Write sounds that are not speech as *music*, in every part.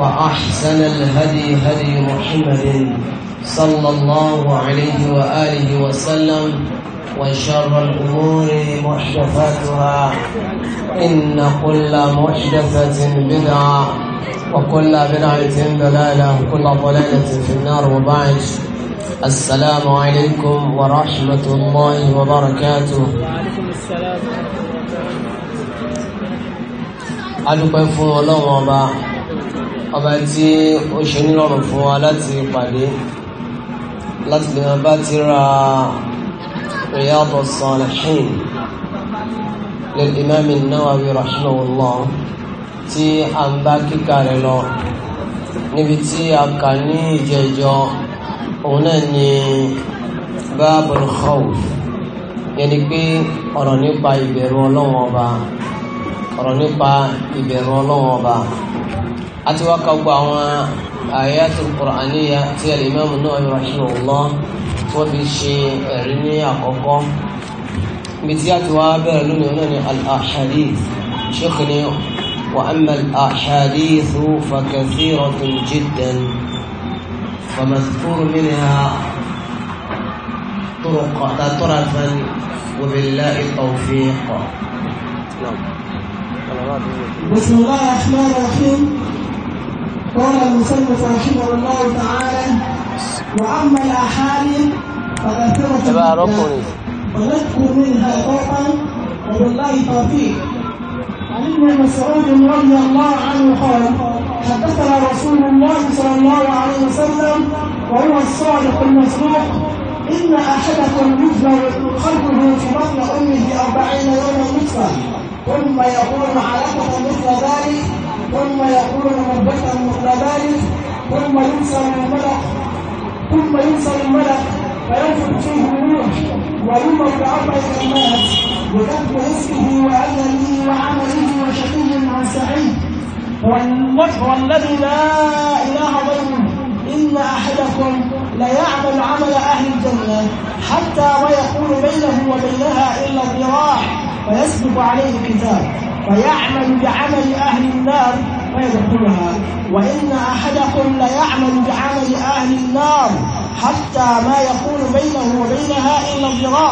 وأحسن الهدي هدي محمد صلى الله عليه وآله وسلم وشر الأمور محدثاتها إن كل محدثة بدعة وكل بدعة ضلالة وكل ضلالة في النار وبعد السلام عليكم ورحمة الله وبركاته وعليكم السلام ورحمة الله وبركاته ọba tí ó ṣe nílọ́rùn fún wa láti pàdé láti lè máa bá ti ra Riyadus Salihin lil Imam an-Nawawi rahimahullah tí a ń bá kíkà rẹ̀ lọ níbi tí a kà ní ìjẹjọ òun náà ni babul khawf yẹni pé ọ̀rọ̀ nípa ìbẹ̀rù Ọlọ́run ọba ọ̀rọ̀ nípa ìbẹ̀rù Ọlọ́run ọba. àti wá kàgbọ́ àwọn ayatul Qur'aniyya tí al-Imam Nawawi rahimahullah tí wọ́n fi ṣe ẹ̀rí ní àkọ́kọ́ ibi tí a ti wá bẹ̀rẹ̀ lónìí náà ni al-ahadith sheikh ni wa amma al-ahadith fa kathiratun jiddan fa madhkur minha طرق طرفا وبالله التوفيق بسم الله الرحمن الرحيم قال المصنف رحمه الله تعالى واما الاحاديث فكثره ونذكر منها طرقا وبالله توفيق عن ابن مسعود رضي الله عنه قال حدثنا رسول الله صلى الله عليه وسلم وهو الصادق المصدوق ان احدكم يجمع قلبه في بطن امه اربعين يوما نصفا ثم يقول علقه مثل ذلك ثم يقول من بطن ذلك ثم من الملك ثم من الملك فينفخ فيه الروح ويوم بعثه الناس وكتب رزقه وعدله وعمله وشقي عن سعيد والوجه الذي لا اله غيره ان احدكم ليعمل عمل اهل الجنه حتى ما يكون بينه وبينها الا ذراع فيسبق عليه الكتاب فيعمل بعمل أهل النار فيدخلها وإن أحدكم ليعمل بعمل أهل النار حتى ما يكون بينه وبينها إلا الذراع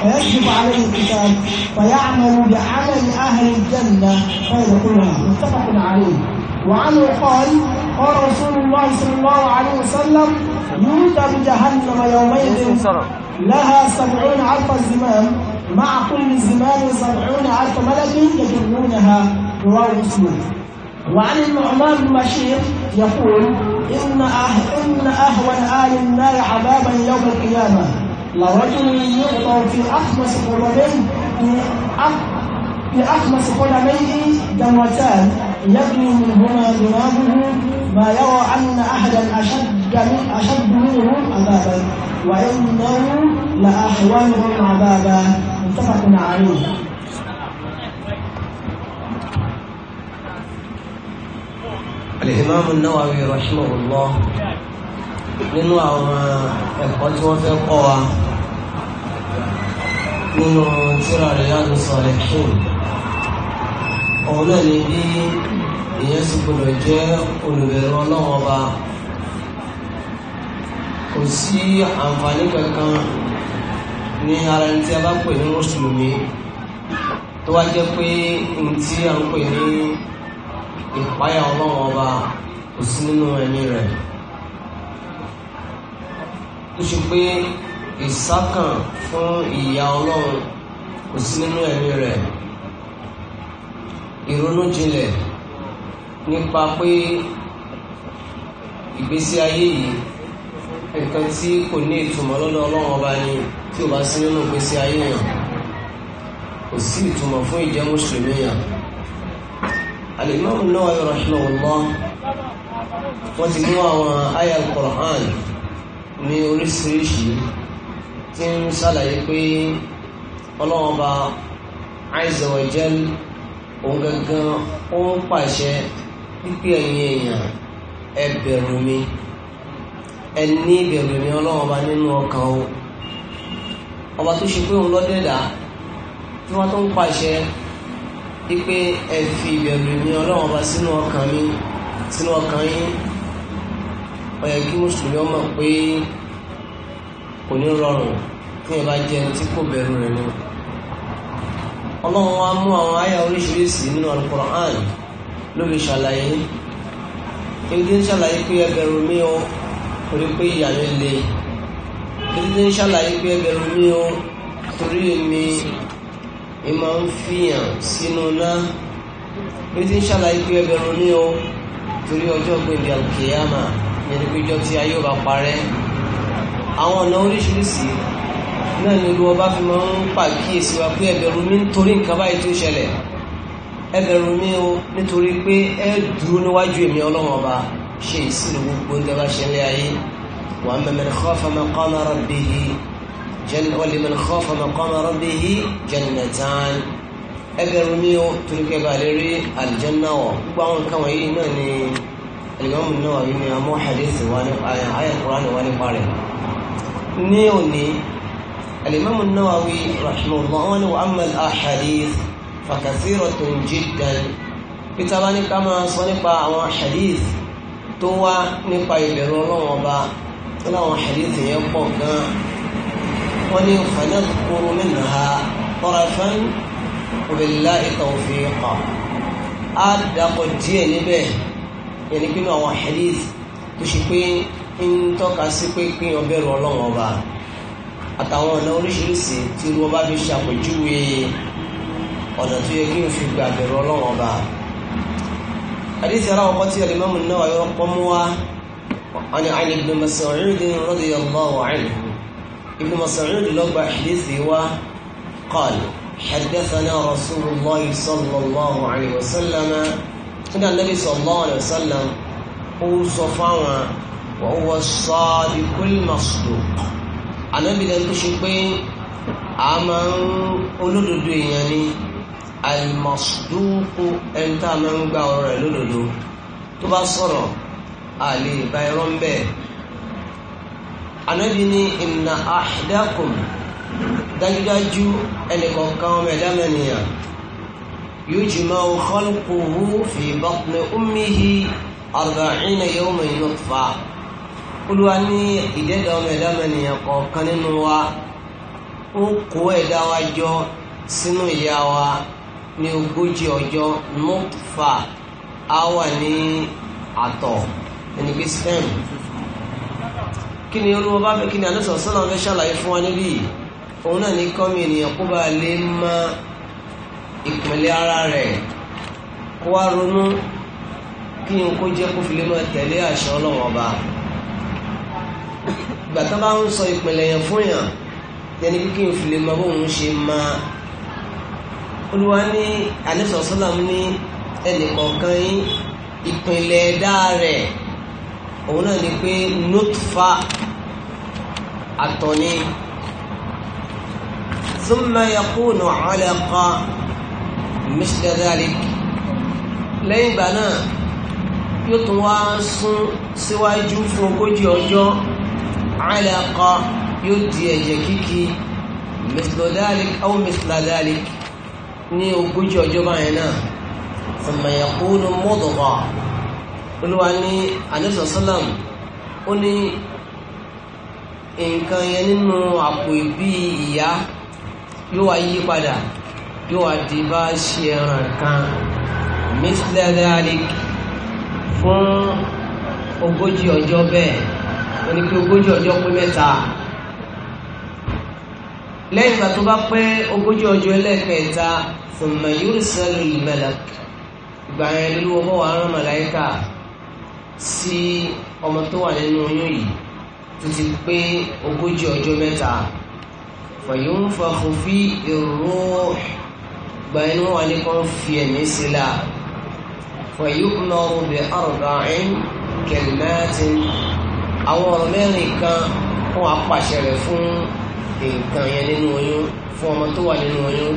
فيكتب عليه الكتاب فيعمل بعمل أهل الجنة فيدخلها متفق عليه وعنه قال قال رسول الله صلى الله عليه وسلم يؤتى بجهنم يومئذ لها سبعون عرف الزمام مع كل زمان سبعون ألف ملك يجرونها رواه مسلم وعن النعمان بن بشير يقول إن أه إن أهون آل النار عذابا يوم القيامة لرجل يعطى في أخمس قدمين أخمس قدميه دموتان يبني منهما ذنابه ما يرى أن أحدا أشد من أشد منهم عذابا وإنه لأحوالهم عذابا متفق عليه الإمام النووي رحمه الله nínú àwọn ẹ̀kọ́ tí wọ́n fẹ́ kọ́ wa nínú tírà rẹ̀ yàtọ̀ sọ̀rọ̀ ẹ̀kìn òun náà ni bí ìyẹn sì gbọdọ̀ jẹ́ olùbẹ̀rù ọlọ́wọ́n ọba kò sí àǹfààní kankan ní ara ẹni tí a bá pè ní mùsùlùmí tó wá jẹ́ pé ní tí a ń pè ní ìpáyà ọlọ́run ọba kò sí nínú ẹ̀mí rẹ̀ tó ṣe pé ìsákàn fún ìyà ọlọ́run kò sí nínú ẹ̀mí rẹ̀ ìrònú jinlẹ̀ nípa pé ìgbésí ayé yìí nǹkan tí kò ní ìtumọ̀ lọ́dọ̀ ọlọ́run ọba ni tí o bá sí nínú ìgbésí ayé yàn kò sí ìtumọ̀ fún ìjẹ́ mùsùlùmí yàn. alimami náà yọrọ ṣẹlẹ̀ wọn mọ wọn ti mú àwọn àyà Qur'an ní oríṣiríṣi tí ń ṣàlàyé pé ọlọ́run ọba Azza wa òun gangan ó ń pàṣẹ pípé ẹ̀yìn èèyàn ẹ mi ẹni ìbẹ̀rù ni ọlọ́run ọba nínú ọkàn o ọba tó ṣe pé òun lọ́dẹ̀dà tí wọ́n tó ń pàṣẹ wípé ẹ fi ìbẹ̀rù ni ọlọ́run ọba sínú ọkàn mi sínú ọkàn yín ó yẹ kí mùsùlùmí ọmọ pé kò ní rọrùn kí ẹ bá jẹ tí kò bẹ̀rù rẹ̀ ni ọlọ́run wa mú àwọn àyà oríṣiríṣi nínú Al-Qur'an ló fi ṣàlàyé ẹni ń ṣàlàyé pé ẹ mi o torí pé ìyàyẹ le títí ń ṣàlàyé pé ẹgbẹ̀rún mi ò torí èmi ẹ máa ń fihàn sínú náà títí ń ṣàlàyé pé ẹgbẹ̀rún mi ò torí ọjọ́ gbèndé alkiyama yẹni pé ìjọ tí ayé ọba parẹ́ àwọn ọ̀nà oríṣiríṣi náà ni olú ọba fi máa ń pàkíyèsí wa pé ẹgbẹ̀rún mi ń nǹkan báyìí tó ṣẹlẹ̀ ẹgbẹ̀rún mi ò nítorí pé ẹ dúró níwájú èmi ọlọ́wọ́n ọba. شيء سلو بندبا شلياي واما من خاف مقام ربه جل ولمن خاف مقام ربه جنتان اغرميو تلك باليري الجنه وبان كان ايماني اليوم نو يعني مو حديث وانا آية, آية القرآن وانا قاري نيوني الإمام النووي رحمه الله وأما الأحاديث فكثيرة جدا بتبان كما صنف أحاديث tó wá nípa ìbẹ̀rù ọlọ́run ọba tó láwọn hadith yẹn pọ̀ gan wọ́n ní fanadhkuru minha tarafan wabillahi tawfiqa á dàpọ̀ díẹ̀ níbẹ̀ yẹn ni pínú àwọn hadith tó ṣe pé ń tọ́ka sí pé pín ọbẹ̀rù ọlọ́run ọba àtàwọn ọ̀nà oríṣiríṣi tí wọ́n bá fi ṣàpèjúwe ọ̀nà tó yẹ kí n fi gbà bẹ̀rù ọba. حديث يراه قتل الإمام النووي يقوم عن عن ابن مسعود رضي الله عنه ابن مسعود لقى حديثي وقال حدثنا رسول الله صلى الله عليه وسلم أن النبي صلى الله عليه وسلم هو صفاوة وهو الصادق المصدوق أنا بدأت أشوف أما أولو الدنيا يعني alimọ̀sùdúkú ẹni tá a máa ń gba ọ̀rọ̀ rẹ̀ lódodo tó bá sọ̀rọ̀ àlè ìbá irọ́ ń bẹ́ẹ̀. Ànábì ní inna ahdakum dájúdájú ẹnìkọ̀ọ̀kan ọmọ ẹ̀dá mẹ́nìyàn yujma'u khalquhu fi batni ummihi arba'ina yawman nutfa. Olúwa ní ìdẹ́dà ọmọ ẹ̀dá mẹ́nìyàn kọ̀ọ̀kan nínú wa ó kó ẹ̀dá wa jọ sínú ìyá wa ní ogójì ọjọ́ nutfa á wà ní àtọ̀ ẹni pé sperm kí ni olúwa bá fẹ́ kí ni alẹ́sọ̀ sọ́nà fẹ́ ṣàlàyé fún wa níbí òun náà ní kọ́mi ènìyàn kó bá lè mọ ìpínlẹ̀ ara rẹ̀ kó wá ronú kí n kó jẹ́ kó fi lè máa tẹ̀lé àṣẹ ọlọ́wọ́n ọba ìgbà tó bá ń sọ ìpínlẹ̀ yẹn fún yàn yẹn ni kí n fi lè mọ bóun ṣe máa olúwa ní àníṣọ̀sọ́làm ní ẹnìkọ̀ọ̀kan yín ìpìnlẹ̀ ẹ̀dá rẹ̀ òun náà ni pé nutfa àtọ̀ni thumma yakunu alaqa misla dhalik lẹ́yìn ìgbà náà yóò tún wá sún síwájú fún ogójì ọjọ́ alaqa yóò di ẹ̀jẹ̀ kíkì misla dhalik aw ní ogójì ọjọ́ báyẹn náà ọmọ ẹ̀kọ́ ló mọ́dọ̀bà olúwa ní alẹ́sọ̀sọ́làm ó ní nǹkan yẹn nínú àpò ìbí ìyá yóò wá yí padà yóò wá di bá ṣe ẹran kan mísílẹ́dáàlì fún ogójì ọjọ́ bẹ́ẹ̀ ó ní pé ogójì ọjọ́ pé mẹ́ta lẹ́yìn ìgbà tó bá pé ogójì ọjọ́ ẹlẹ́ẹ̀kẹta ثم يرسل الملك malak ìgbà yẹn ló wọ́n bọ́ wà rán màláìkà sí ọmọ tó wà nínú oyún yìí tó ti pé ogójì ọjọ́ mẹ́ta fa yunfakhu fi ar-ruh ìgbà yẹn wọ́n wà ní kan fi ẹ̀mí sílá fa yu'maru bi arba'in kalimatin àwọn ọ̀rọ̀ mẹ́rin kan wọ́n á pàṣẹ rẹ̀ fún nǹkan yẹn nínú oyún fún ọmọ tó wà nínú oyún.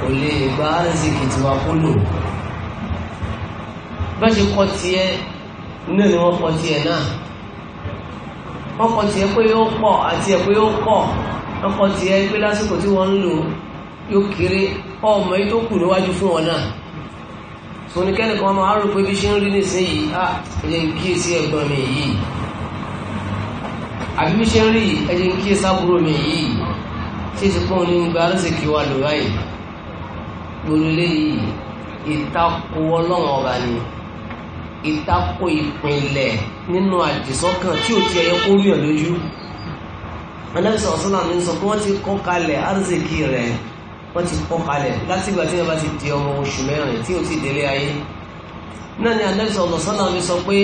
kò lè gba rẹ́sìkì tiwa kó lò bá ṣe kọ́ tiẹ̀ náà ni wọ́n kọ́ tiẹ̀ náà wọ́n kọ́ tiẹ̀ pé yóò pọ̀ àti ẹ̀ pé yóò pọ̀ wọ́n kọ́ tiẹ̀ pé lásìkò tí wọ́n ń lò yóò kéré ọmọ yìí tó kù níwájú fún wọn náà sonikẹ́ni kan máa rò pé bí ṣe ń rí nísìnyìí á ẹ̀jẹ̀ ń kíyèsí ẹ̀gbọ́n mi yìí àbí bí ṣe ń rí ẹ̀jẹ̀ ń kíyèsí àbúrò mi yìí ṣé ti pọ́n ní gbàrúsìkì wa lò báyìí gbogbo eléyìí ìtakò ọlọ́run ọba ni ìtakò ìpìnlẹ̀ nínú àdìsọ́kàn tí ò ti ẹ̀yẹ kó rí ẹ̀ lójú ẹlẹ́sìn ọ̀sán náà ní sọ pé wọ́n ti kọ́ kalẹ̀ arzikì rẹ̀ wọ́n ti kọ́ kalẹ̀ láti ìgbà tí wọ́n bá ti di ọmọ oṣù mẹ́rin tí ò ti délé ayé náà ni ẹlẹ́sìn ọ̀sán náà sọ pé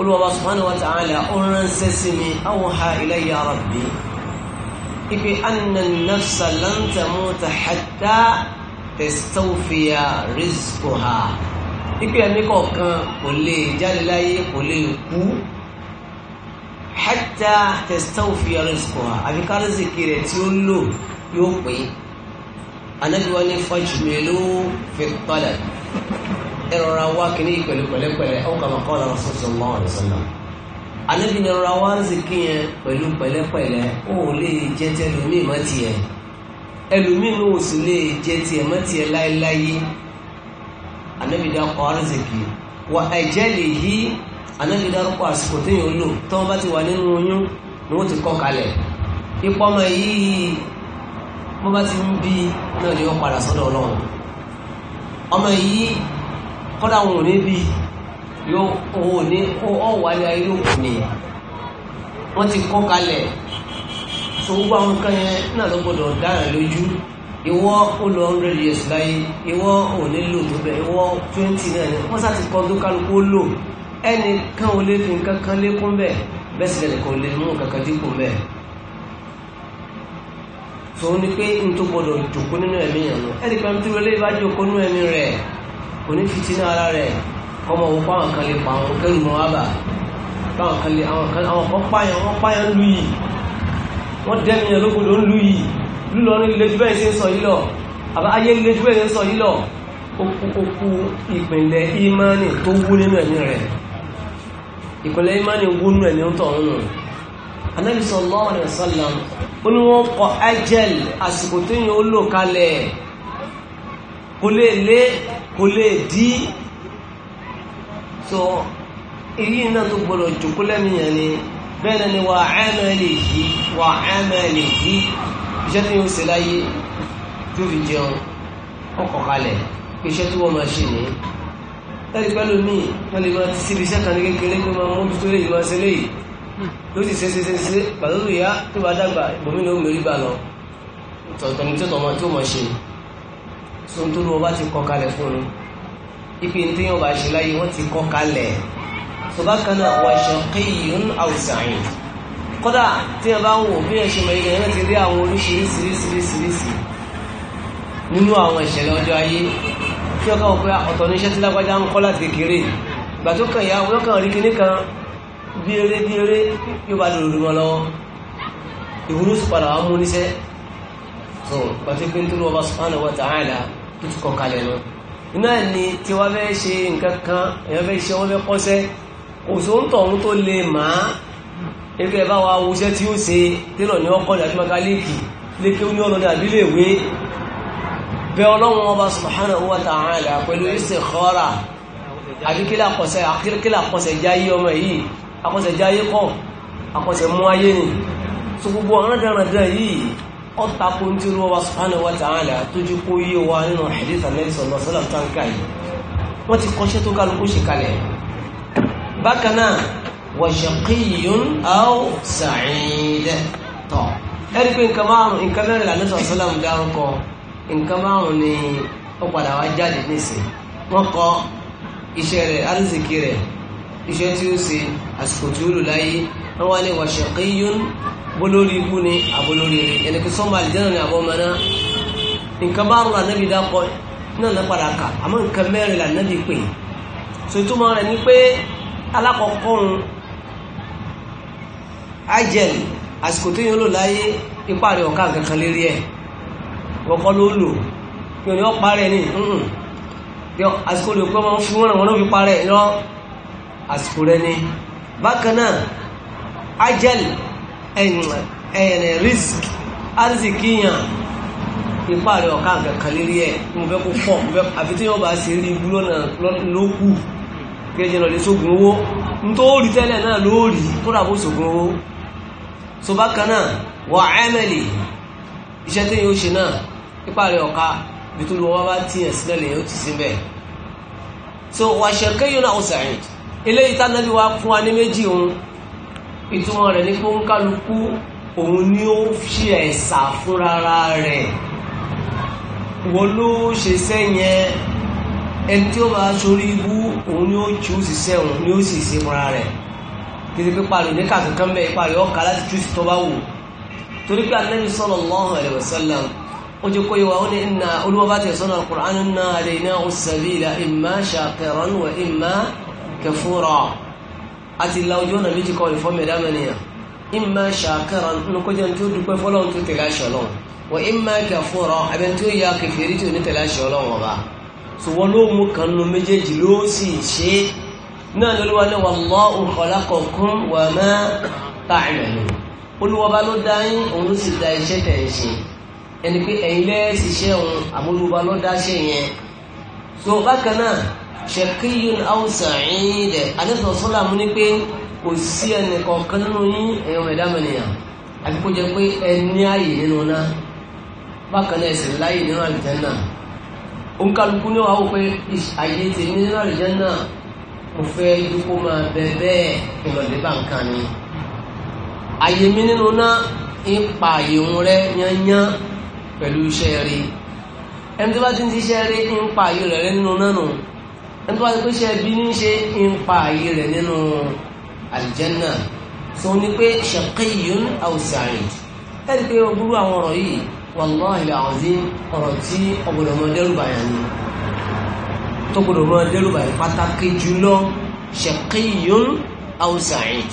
olùwàbà subhanahu wa ta'ala ó ránṣẹ́ sí mi awha ilayya rabbi ipe anna nafsa lan tamuta hatta tẹ̀sítọ́fìyà rìsíkòhà ipe ẹni kọ̀ọ̀kan kò lè jáde láyé kò lè kú hẹ́tà tẹ̀sítọ́fìyà rìsíkòhà àfi kárìsìkì rẹ̀ tí ó lò yóò pé anájúwa ní fàjùmílò fìtọ́lẹ̀ ìrora wá kìíní pẹ̀lú pẹ̀lẹ́pẹ̀lẹ́ ọkọ̀ àmọ́kọ́ ọ̀la rọ̀ṣọ́ṣọ́ mọ́ ọ̀rọ̀ sọ́nà anábìnrin ọ̀rọ̀ wá rìsíkì yẹn pẹ̀lú pẹ̀lẹ́pẹ̀lẹ́ ó lè jẹ́ tẹ́lu ní ẹlòmínú ò sì si jẹ tiẹ̀ mọ́ tiẹ̀ láéláyé Ànábì dákọ̀ wà ẹ̀jẹ̀ lè yí Ànábì dákọ̀ àsìkò téèyàn lò tó wọn bá ti wà nínú oyún ni wọn ti kọ́ kalẹ̀ ipò ọmọ yìí bó bá ti ń bi náà ni wọ́n padà sọ́dọ̀ ọlọ́run ọmọ yìí wọn ò ní yóò ní ni ti kọ kalẹ so gbogbo àwọn nǹkan yẹn náà ló gbọdọ̀ dára lójú ìwọ ó lọ hundred years láyé ìwọ ò ní lò tó bẹ ìwọ twenty náà ni wọ́n sá ti kọ́ tó kálukú ó lò ẹnì kan ò lè fi nǹkan kan lékún bẹ́ẹ̀ bẹ́ẹ̀ sì lẹ́nìkan ò lè mú nǹkan kan dínkù bẹ́ẹ̀ tòun ni pé n tó gbọdọ̀ jòkó nínú ẹ̀mí yẹn lọ ẹnì kan tó lè bá jòkó nínú ẹ̀mí rẹ̀ kò ní fi tinú ara rẹ̀ ọmọ òun fún kan lè pa àwọn kẹrù mọ́ wá bà àwọn kan lè àwọn kan pààyàn wọ́n pààyàn lù yìí wọ́n dẹ́mìyàn lókòdó ń lú yìí lúlọrin lè jù bẹ́ẹ̀ sí ń sọ yìí lọ àbá ayé lè jù bẹ́ẹ̀ sí ń sọ yìí lọ okú ìpìnlẹ̀ imani tó wú nínú ẹ̀mí rẹ̀ ìpìnlẹ̀ imani wú nínú ẹ̀mí tó ọ̀run rẹ̀ Ànábì sallallahu alaihi wasallam ó ní wọ́n kọ ajẹ́l àsìkò tó yàn ó lò kalẹ̀ kò lè lé kò lè dí so èyí náà tó gbọdọ̀ jòkó lẹ́mìyàn ni bẹ́ẹ̀ ni wà ámẹ́lì yìí wà ámẹ́lì yìí iṣẹ́ tí yóò ṣe láyé tó fi jẹun ọkọ̀ kalẹ̀ pé iṣẹ́ tí wọ́n máa ṣe ní ẹ̀rí pẹ́lú míì wọ́n lè máa ti síbi iṣẹ́ kan ní kékeré pé máa mú tó lè máa ṣe léyìí ló sì ṣe ṣe ṣe tó bá dàgbà ìbomi ó mérí bá lọ tọ̀tọ̀ ní tọ̀tọ̀ ọmọ tí ó máa ṣe so nítorí wọn bá ti kọ́ kalẹ̀ fún un ipe tí yóò bá ṣe láyé wọ́n ti kọ́ kalẹ̀ tó bá kan náà wà shaqiyyun aw sa'id kódà tí a bá ń wò bí ẹ ṣe mẹ́rin ẹ̀yẹ́ ti rí àwọn oríṣiríṣiríṣiríṣi nínú àwọn ìṣẹ̀lẹ̀ ọjọ́ ayé kí ọkàn òpin ọ̀tọ̀ ní iṣẹ́ tí lágbájá ń kọ́ láti kékeré ìgbà tó kàn ya ọkàn rí kíní kan bí eré bí eré yóò bá lòlù mọ́ lọ́wọ́ ìwúrú sì padà wá mú níṣẹ́ tó pàtó pé nítorí ọba subhanahu wa ta'ala tó ti kọ kalẹ̀ lọ iná ni tí wọ́n fẹ́ ṣe nǹkan kan èèyàn fẹ́ ṣe wọ́n fẹ́ kọ́ṣẹ́ òṣòǹtọ̀ ohun tó lè máa ẹgbẹ́ bá wa wúṣẹ́ tí ó ṣe tẹ́lọ̀ ní ọkọ̀ ní àjúmọ́ká léèkì léèkì ó ní ọlọ́dẹ àbílẹ̀ ìwé bẹ ọlọ́run ọba subhanahu wa ta'ala pẹ̀lú istikhara àdíkílà àkọsẹ̀ jáyé ọmọ yìí àkọsẹ̀ jáyé kọ́ àkọsẹ̀ mú ayé ni so gbogbo ọ̀rọ̀dẹ̀rẹ̀dẹ̀ yìí ó tako ń tí olúwa subhanahu wa ta'ala tó jí kó yíwa nínú hadith sallallahu alaihi wasallam táǹkà yìí wọ́n ti kọ́ṣẹ́ tó kálukú ṣe kalẹ̀ bákan náà wa shaqiyyun aw sa'id tọ̀ ẹ̀rí pé nǹkan márùn nǹkan mẹ́rin lànà sọ̀sọ́làm dárúkọ nǹkan márùn ni ó padà wá jáde nísìn wọ́n kọ iṣẹ́ rẹ̀ arzikì rẹ̀ iṣẹ́ tí ó ṣe àsìkò tí ó lò láyé wọ́n wá ní wa shaqiyyun bolórí ibú ni àbolórí rẹ̀ ẹni pé sọ́mọ àlìjẹ́nà ni àbọ̀ mọ́ná nǹkan márùn lànàbí dákọ náà lọ́padà kà àmọ́ nǹkan mẹ́rin lànàbí pè so ìtumọ̀ rẹ̀ ni pé alákọ̀ọ́kọ́ ń ajẹ́l àsìkò tó yẹn lò láyé ipá rẹ̀ ọ̀ká nǹkan kan lérí ẹ̀ ọkọ̀ ló lò yóò ní ọ̀pá rẹ̀ ní àsìkò lè pẹ́ wọn wọn fi ni bákan náà ajẹ́l ẹ̀yẹ̀nẹ̀ risk arzikiyan ipa rẹ̀ ọ̀ká nǹkan kan lérí ẹ̀ mo kẹjẹ lọ lè sógun owó ní tó rí tẹ́lẹ̀ náà ló rí kódà bó sógun owó so bákan náà wà ẹ́mẹ̀lì iṣẹ́ tí yóò ṣe náà nípa rẹ̀ ọ̀ka bí tó lọ́wọ́ bá tíyàn sílẹ̀ lè yóò ti sí bẹ́ẹ̀ so wà ṣe kéyìn náà ọ̀sẹ̀ eléyìí tánàbí wa fún wa ní méjì òun ìtumọ̀ rẹ̀ ní pé ń kálukú òun ni ó ṣe ẹ̀sà fúnra rẹ̀ wọ́n ló ṣe sẹ́yìn ẹni tí ó máa sórí ibú òun ni ó jù ú síṣẹ́ òun ni ó sì ṣe fúnra rẹ̀ títí pé parí ní kàkankan bẹ́ẹ̀ parí ọkà láti jù sí tọ́ba wò torí pé Ànábì sallallahu alaihi wasallam ó jẹ́ kó yẹ wa ó ní ìnà olúwọ́bá tẹ̀ sọ́nà Al-Qur'an inna alaynahu as-sabila imma shakiran wa imma kafura àti ìlà ojú ọ̀nà méjì kan ìfọ́mẹ̀ dámẹ́nìyàn imma shakiran sọ̀wọ́n ló mú kan nu méjèèjì ló sì ṣe náà lọ́lọ́wọ́ ní wallahu khalaqakum wa ma ta'malun olúwọba ló dá yín òun ló sì dá iṣẹ́ tẹ̀ ń ṣe ẹni pé ẹ̀yin lẹ́ẹ̀sì iṣẹ́ òun àmúlùwọba ló dá ṣe yẹn so bákan náà shaqiyun aw sa'id ní pé kò sí ẹnì nínú yín ẹ̀yàn ẹ̀dá mẹ́nìyàn kó jẹ pé ẹni ààyè nínú náà bákan ẹ̀sìn láàyè nínú àlùjánnà náà òǹkàlùkù ní wàá pé àyè tèmi nínú àlùjẹ́ náà mo fẹ́ dúpọ́ máa bẹ bẹ́ẹ̀ kí lọ́ọ́ dé bá nǹkan ni àyè mi nínú náà ń pa àyè òun rẹ yányán pẹ̀lú iṣẹ́ rí ẹni tó bá ti ń ti iṣẹ́ ń pa àyè rẹ nínú náà nù ẹni tó bá ti pé bí ní ṣe ń pa àyè rẹ̀ nínú àlùjẹ́ náà sọ ni pé ṣàkíyún àwòsàn ẹni pé ogúrú àwọn ọ̀rọ̀ yìí wallahi alazim ọ̀rọ̀ tí ọgbọ̀dọ̀ mọ dẹ́rùbà yà ni tó gbọdọ̀ mọ dẹ́rùbà yà pàtàkì jùlọ shaqiyyun aw sa'id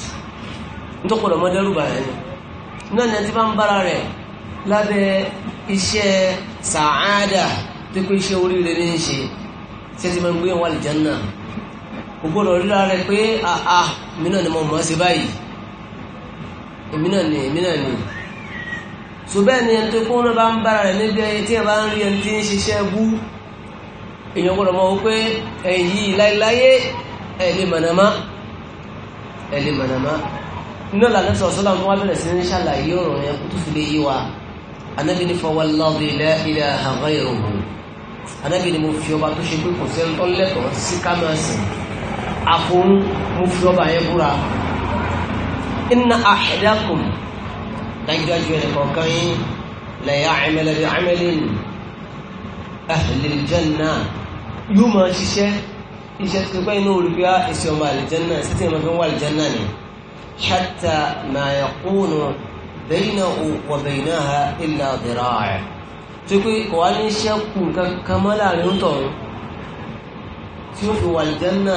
tó gbọdọ̀ mọ dẹ́rùbà yà ni náà ni ẹ ti bá ń bára rẹ̀ lábẹ́ iṣẹ́ sàáàdà ríra rẹ̀ pé àà mí ni mo mọ̀ ọ́ sí báyìí èmi ni èmi ni so bẹ́ẹ̀ ni ẹni tó kún náà bá ń bára rẹ̀ níbi ẹni tí ẹ bá ń rí ẹni tí ń ṣiṣẹ́ wú èèyàn gbọ́dọ̀ mọ̀ wípé ẹ̀yí láíláyé ẹ̀ lè mọ̀nàmá ẹ̀ lè mọ̀nàmá iná lànà tí ọ̀sọ́lá mú wá bẹ̀rẹ̀ sí ní ṣàlàyé ọ̀rọ̀ yẹn kó tó fi lè yé wa anábì ní fawallahi la ilaha ghayruhu anábì dájúdájú ẹni kọ̀ọ̀kan yín lẹ́yà àmẹ́lẹ́dẹ́ àmẹ́lẹ́n àlìjẹ́nà yóò máa ṣiṣẹ́ iṣẹ́ tó pẹ́ inú orí bíá ìṣẹ́ ọmọ àlìjẹ́nà sí ti ọmọ fi ń wà àlìjẹ́nà ni ṣàtà máa yàkúnù bẹ́yìnà wa baynaha illa dhira'a tó pé kò wá ní ṣẹ́kù kankan mọ́ láàrin ń tí ó fi wà àlìjẹ́nà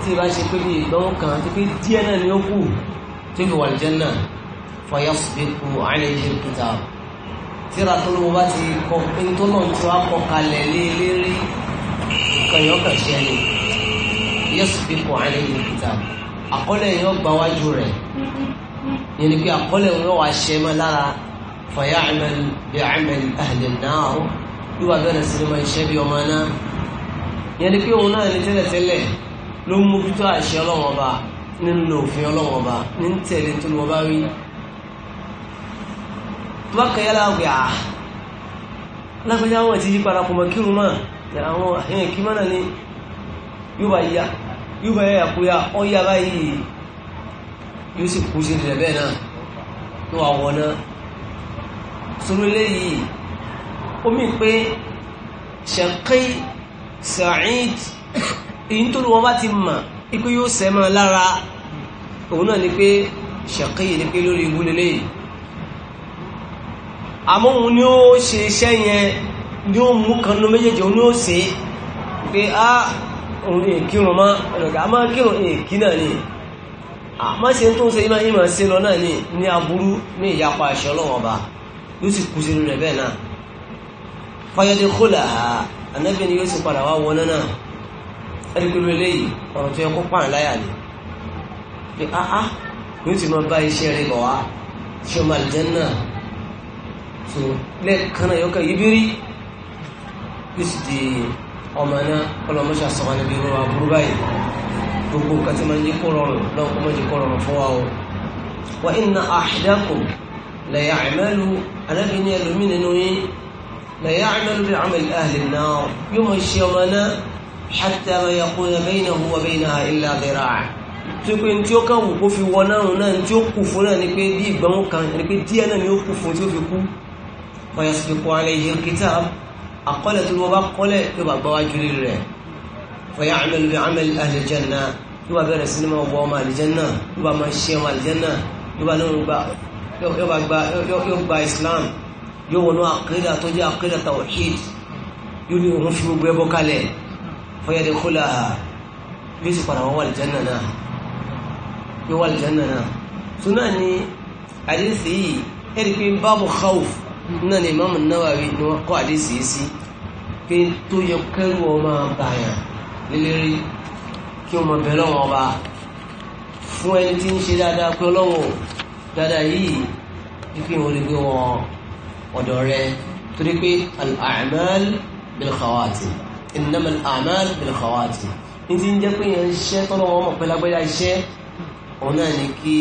tí ìbá ṣe pé bí ìgbọ́n kan tó pé díẹ̀ náà ni ó kù tó fi wà àlìjẹ́nà fọyọ́sibíkù àìlèyé kìtà tíra tó ló bá ti kọ pé tó náà tí wàá kọ kalẹ̀ lé lérí ìkànnìọ́kànṣẹ́ ni yọ́sibíkù àìlèyé kìtà àkọlẹ̀ yóò gba wájú rẹ̀ yẹn ni pé àkọlẹ̀ wọn wàá ṣe mọ́ lára fọyọ́ àmẹ́lì bí àmẹ́lì àhìlẹ̀ náà yíwà bẹ̀rẹ̀ sinimá iṣẹ́ bí ọmọ náà yẹn ni pé òun náà ní tẹ́lẹ̀tẹ́lẹ̀ ló ń mójútó àṣẹ ọlọ́wọ́n nínú òfin ọlọ́wọ́n ní tẹ̀lé tó lọ́wọ́ bá tó bá kẹyà láàgbé à lágbẹ́já wọn ti yí padà kò mọ̀ kírun náà àwọn àyẹ̀yẹ̀ kí mọ́nà ni yóò bá yá yóò bá yá kó yá ọ́ yá báyìí yóò sì kú sí ilẹ̀ bẹ́ẹ̀ náà ló wà wọ̀ náà sórí léyìí omi pé ṣẹ̀kí sa'id èyí tó lọ́wọ́ bá ti mọ̀ ikú yóò sẹ́mọ́ lára òun náà ni pé ṣẹ̀kí yìí ni pé lórí ìwúlélẹ́yìí àmọ́ òun ni ó ṣe iṣẹ́ yẹn ni ó mú kan ní méjèèjì òun ni ó ṣe pé á òun lè kírun mọ́ ẹ̀lọ́gà a máa kírun èkí náà ni àmọ́ ṣe tó ń ṣe ìmọ̀ ìmọ̀ sí lọ náà ni ní aburú ní ìyapa àṣẹ ọlọ́wọ́n ọba yóò sì kú sínú rẹ̀ bẹ́ẹ̀ náà fayọdẹ kólà ànábì ni yóò sì padà wá wọná náà ẹni pẹ̀lú eléyìí ọ̀rọ̀ tó yẹ kó pààrọ̀ láyà ni pé áá yóò ti máa bá iṣẹ́ rẹ̀ bọ̀ wá ṣọmọ àlùjẹ́ so lẹ́ẹ̀kan náà yọkàn yìí bírí yóò sì di ọmọ náà ọlọmọṣà sọ wọn níbi ìrora burú báyìí gbogbo nǹkan tí máa ń yí kó rọrùn lọ́wọ́ kó máa ń yí kó wa o wa inna ahdakum la ya'malu anábì ní ẹlòmí nínú la ya'malu bi 'amali ahli an-nar yóò máa ṣe ọmọ náà hatta ma yakuna baynahu wa baynaha illa tí ó pé tí ó kàn wù kó fi wọ náà náà tí ó kù fún náà ni pé bí ìgbọ́n kan ni pé díẹ̀ náà ni ó kù fún tí ó fi kú ويسبق عليه الكتاب أقلت المبقلة يبقى بواجل له فيعمل بعمل الجنة يبقى بين السينما وما الجنة يبقى من الجنة يبقى يبقى يبقى, إسلام yóò wọnú àkídà tó jẹ́ àkídà tawhid yóò ní òun fi gbogbo ẹbọ kalẹ̀ fọyẹ́dẹ kólà yóò sì padà wọ́n wà lìjánà náà yóò wà lìjánà náà tó náà ni àdéhùn yìí ẹ̀rí pé báàbù khawf náà ni Imam Nawawi ni wọ́n kọ́ àdéhìsì yìí sí pé tó yẹ kẹ́rù ọmọ bàyàn lélẹ́rí kí ọmọ bẹ̀ lọ́wọ́ ọba fún ẹni tí ń ṣe dáadáa pé ọlọ́wọ́ dáadáa yìí wípé wọ́n lè gbé wọn ọ̀dọ̀ rẹ torí pé al-a'mal bil-khawatim al-a'mal bil ní ti ń jẹ́ pé yẹn iṣẹ́ tọ́lọ́ wọn mọ̀ pé lágbẹ́dá iṣẹ́ òun náà ni kí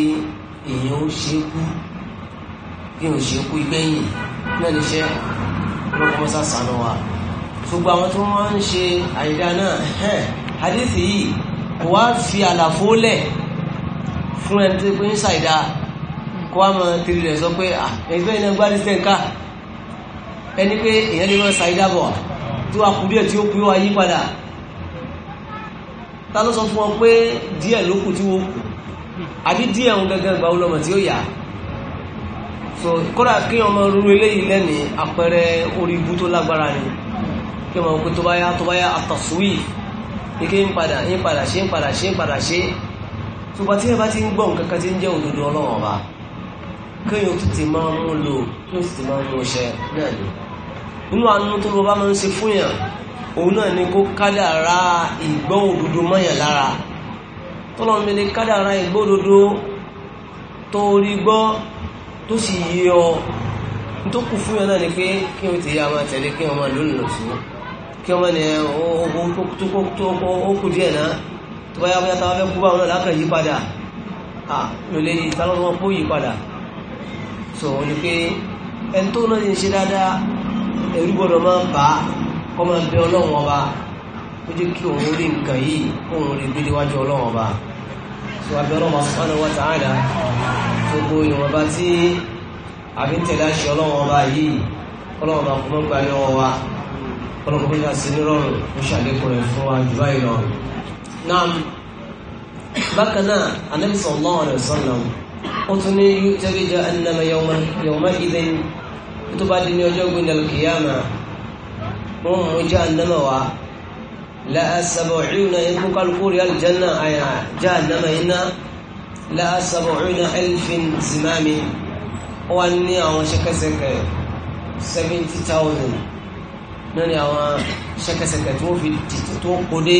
èèyàn ó ṣe kú kí èèyàn ó ṣe kú gbẹ̀yìn náà níṣẹ́ ọlọ́kọ̀ mọ́sá sànú wa gbogbo àwọn tó máa ń ṣe àìdá náà hẹ́n hadithi yìí kò wá fi àlàfo lẹ̀ fún ẹni tó pín ṣàìdá kó wá mọ tiri rẹ̀ sọ pé ẹgbẹ́ iná gbá ní sẹ́ńkà ẹni pé èèyàn lè mọ ṣàìdá bọ̀ tó wà kú díẹ̀ tí ó kú yóò wá yí padà ta ló sọ fún ọ pé díẹ̀ ló kù tí wọ́n kù àbí díẹ̀ ń gẹ́gẹ́ gbà ó lọ́mọ tí ó yà á so kódà kí ọmọ rúru eléyìí lẹ́ni àpẹẹrẹ orí ibú tó lágbára ni kí ọmọ òkú tó bá yá tó bá yá àtọ̀sùwì ní kí ń padà ń padà ṣe ń padà ṣe ń padà ṣe ṣùgbọ́n tí ẹ bá ti ń gbọ́ nǹkan kan ti ń jẹ́ òdodo ọlọ́run ọba kéèyàn tó ti máa mú lò tó ti máa mú ṣe náà ni nínú àánú tó lọ bá máa ń ṣe fún yàn òun náà ni kó kádàrá ìgbọ́ òdodo mọ́yàn lára tọ́lọ́mìnir kádàrá ìgbọ́ òdodo tó rí gbọ́ tó sì yé ọ tó kù fún yẹn náà ni pé kí wọ́n ti yá máa tẹ̀lé kí wọ́n máa lónìí lọ sí kí wọ́n máa ní ọkọ̀ tó kù díẹ̀ náà tó bá yá bóyá táwọn fẹ́ kú báwọn náà lákàn yí padà à lólè yìí táwọn wọn kó yí padà sọ wọn ni pé ẹni tó náà ń ṣe dáadáa ẹ̀rú gbọ́dọ̀ máa ń bà á kọ́ máa bẹ ọlọ́run ọba ó jẹ́ kí òun rí nǹkan yìí kóun rí gbé déwájú ọlọ́run ọba sọ abẹ́ ọlọ́run subhanahu wa ta'ala gbogbo ìwọ̀nba tí àbí tẹ̀lé àṣẹ ọlọ́wọ́n ọba yìí ọlọ́wọ́n ọba kò mọ́ gba ní ọwọ́ wa ọlọ́wọ́n kò sí ní rọrùn ó ṣàlékún rẹ̀ fún wa jù báyìí lọ. náà bákan náà Ànábì sallallahu alaihi wasallam ó tún ní tẹ́lẹ̀jọ́ annama yawma idhin tó bá di ní ọjọ́ gbẹ̀dẹ̀ kìyàmà la sab'una alfin zimami wọ́n ní àwọn ṣẹkẹsẹkẹ seventy thousand náà ni àwọn ṣẹkẹsẹkẹ tí wọ́n fi tó kóde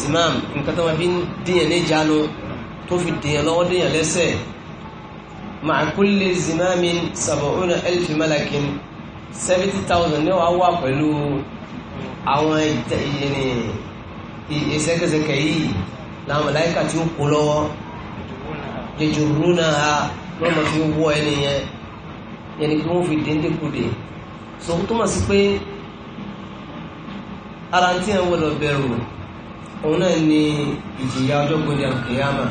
zimam nǹkan tó máa fi dìyàn ní ìjánu tó fi dìyàn lọ́wọ́ dìyàn lẹ́sẹ̀ ma'a kulli zimami sab'una alfin malakin seventy thousand ní wàá wà pẹ̀lú àwọn ìṣẹ́kẹsẹkẹ yìí làwọn màláíkà tí ó kó lọ́wọ́ yẹjọrú náà ha lọ́nà fi wọ́ ẹni yẹn yẹn ni pé wọ́n fi déńdé kudè so ó túmọ̀ sí pé ara tí ẹ̀ ń wọ́dọ̀ bẹ̀rù òun náà ni ìjìyà ọjọ́ gbòdì àkèyàmà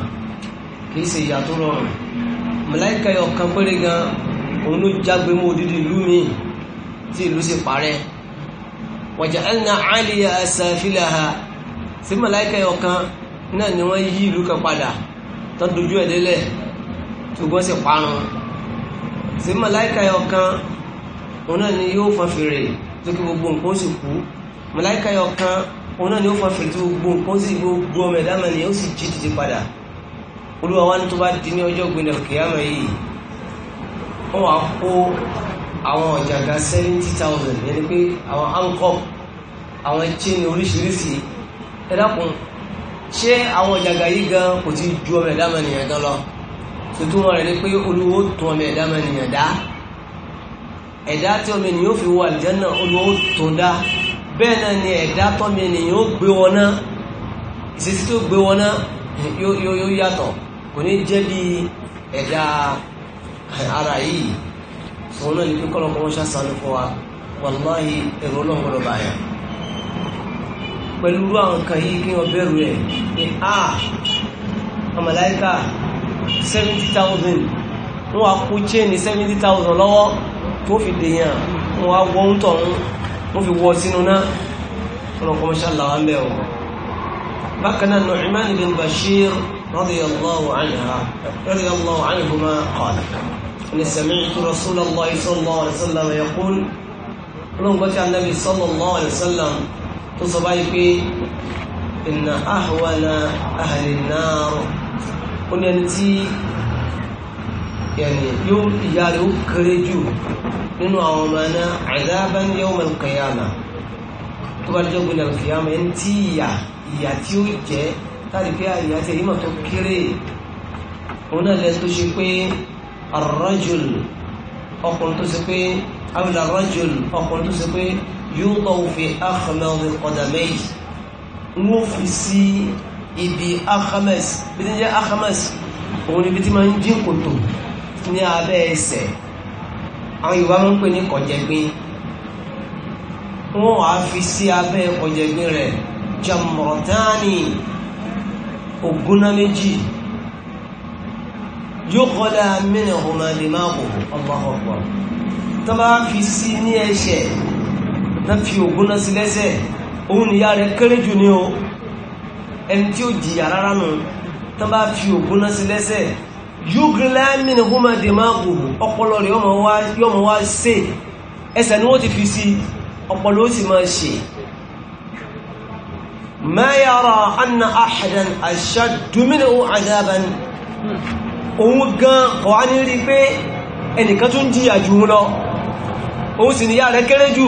kìí ṣe ìyà tó rọrùn mọ̀láìka ọ̀kan péré gan òun ló jágbe mọ́ odidi ìlú mi tí ìlú sì parẹ́ waja'alna 'aliya safilaha sí mọ̀láìka ọ̀kan náà ni wọ́n yí ìlú kan padà tán dojú ẹ̀ lélẹ̀ tó gbọ́n sì parun sí màláìka yọ kan òun náà ni yóò fọn fèrè tó kí gbogbo nǹkan ó sì kú màláìka yọ kan òun náà ni ó fọn fèrè tó gbogbo nǹkan ó sì gbogbo ọmọ ẹ̀dá mẹ́rin ni ó sì jí dìde padà olúwa wa ní tó bá di ní ọjọ́ gbìnà kìyàmọ̀ yìí wọ́n wá kó àwọn ọ̀jàgà seventy thousand yẹn ni pé àwọn hankok àwọn chain oríṣiríṣi ẹ̀dá kan ṣé àwọn ìjàgà yìí gan kò ti ju ọmọ ẹ̀dá mẹ́nìyàn gan lọ tuntun rẹ̀ ni pé olówó tún ọmọ ẹ̀dá mẹ́nìyàn dá ẹ̀dá tí ọmọ ènìyàn ó fi wọ àlùjánnà olówó tún dá bẹ́ẹ̀ náà ni ẹ̀dá tọ́mọ ènìyàn ó gbé wọn náà ìṣesí tó gbé wọn náà yóò yàtọ̀ kò ní jẹ́ bí ẹ̀dá ara yìí òun náà ni pé kọ́lọ́kọ́ wọn ṣàṣàlù fún wa wàláhì ẹ̀rọ ọlọ́run lọ́ba pẹ̀lú àwọn nǹkan yìí kí wọ́n bẹ̀rù rẹ̀ pé a ah, ọmọláìka seventy thousand wọ́n wá kó chain seventy thousand lọ́wọ́ tó fi dèèyàn wọ́n wá wọ́n ń tọ̀run wọ́n fi wọ́ sínú náà ọ̀nà kọmọṣẹ́ làwọn ń bẹ̀ wọ́n. bákan náà Nu'man bin Bashir radiyallahu anha radiyallahu anhuma tó sọ báyìí pé inna ahwana ahli an-nar ó ní ẹni tí yẹni yóò ìyá rẹ̀ ó kéré jù nínú àwọn ọmọ ẹ̀nà adaban yawm al-qiyamah tó bá dẹjọ́ gbé al-qiyamah ẹni tí ìyà ìyà tí ó jẹ́ láti pé ìyà tí èyí mà tó kéré òun náà lẹ́nu tó ṣe pé ar ọkùnrin tó ṣe pé awìlà ar ọkùnrin tó ṣe pé yóò lọ fi akhmed qadamay wọ́n fi sí ibi akhmed bí ti jẹ́ akhmed òun ni bí ti máa ń jí kòtò ní abẹ́ ẹsẹ̀ àwọn Yorùbá máa ń pè ní kọ̀jẹ̀gbin wọ́n wàá fi sí abẹ́ kọ̀jẹ̀gbin rẹ̀ jamrotani ògúnná méjì yóò kọ́lá mẹ́rin ọ̀hún adìmáàbò ọgbà ọgbà tó bá fi sí ní ẹsẹ̀ tán fi ògùn náà sí lẹ́sẹ̀ òun níyà rẹ̀ kéré jù ní o ẹni tí ó jìyà rárá nù tán bá fi ògùn náà sí lẹ́sẹ̀ yúgìlá mìíràn kó máa dè máa kù ọpọlọ rẹ̀ yọmọ wá ṣe ẹsẹ̀ ni wọ́n ti fi sí ọpọlọ ó sì máa ṣe ma yara anna ahadan ashaddu minhu azaban òun gan ọ̀há rí pé ẹnìkan tún jíyà jù lọ òun sì ni yà kéré jù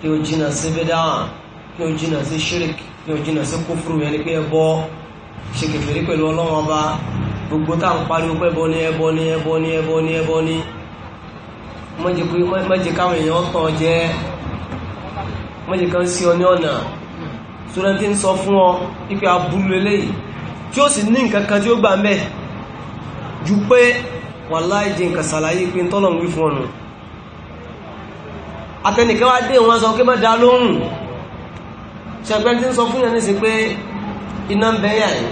kí o jìnà sí bídá kí o jìnà sí shirik kí o sí kúfúrú yẹn ni pé ẹbọ ṣe kèfèrí pẹ̀lú ọlọ́run ọba gbogbo tá à ń pariwo pé ẹbọ ni ẹbọ ni ẹbọ ni ẹbọ ní ẹbọ ní mọ́jẹ káwọn èèyàn tàn jẹ́ kan sí ọ ní ń sọ fún ọ ipe abúlé lẹ́yìn tí ó sì ní nǹkan kan tí ó gbà ń àtẹnìkẹ́ wá dé wọn sọ pé má dá lóhùn ṣẹgbẹ́ tí ń sọ fún yẹn ní sí pé iná ń bẹ́yà yìí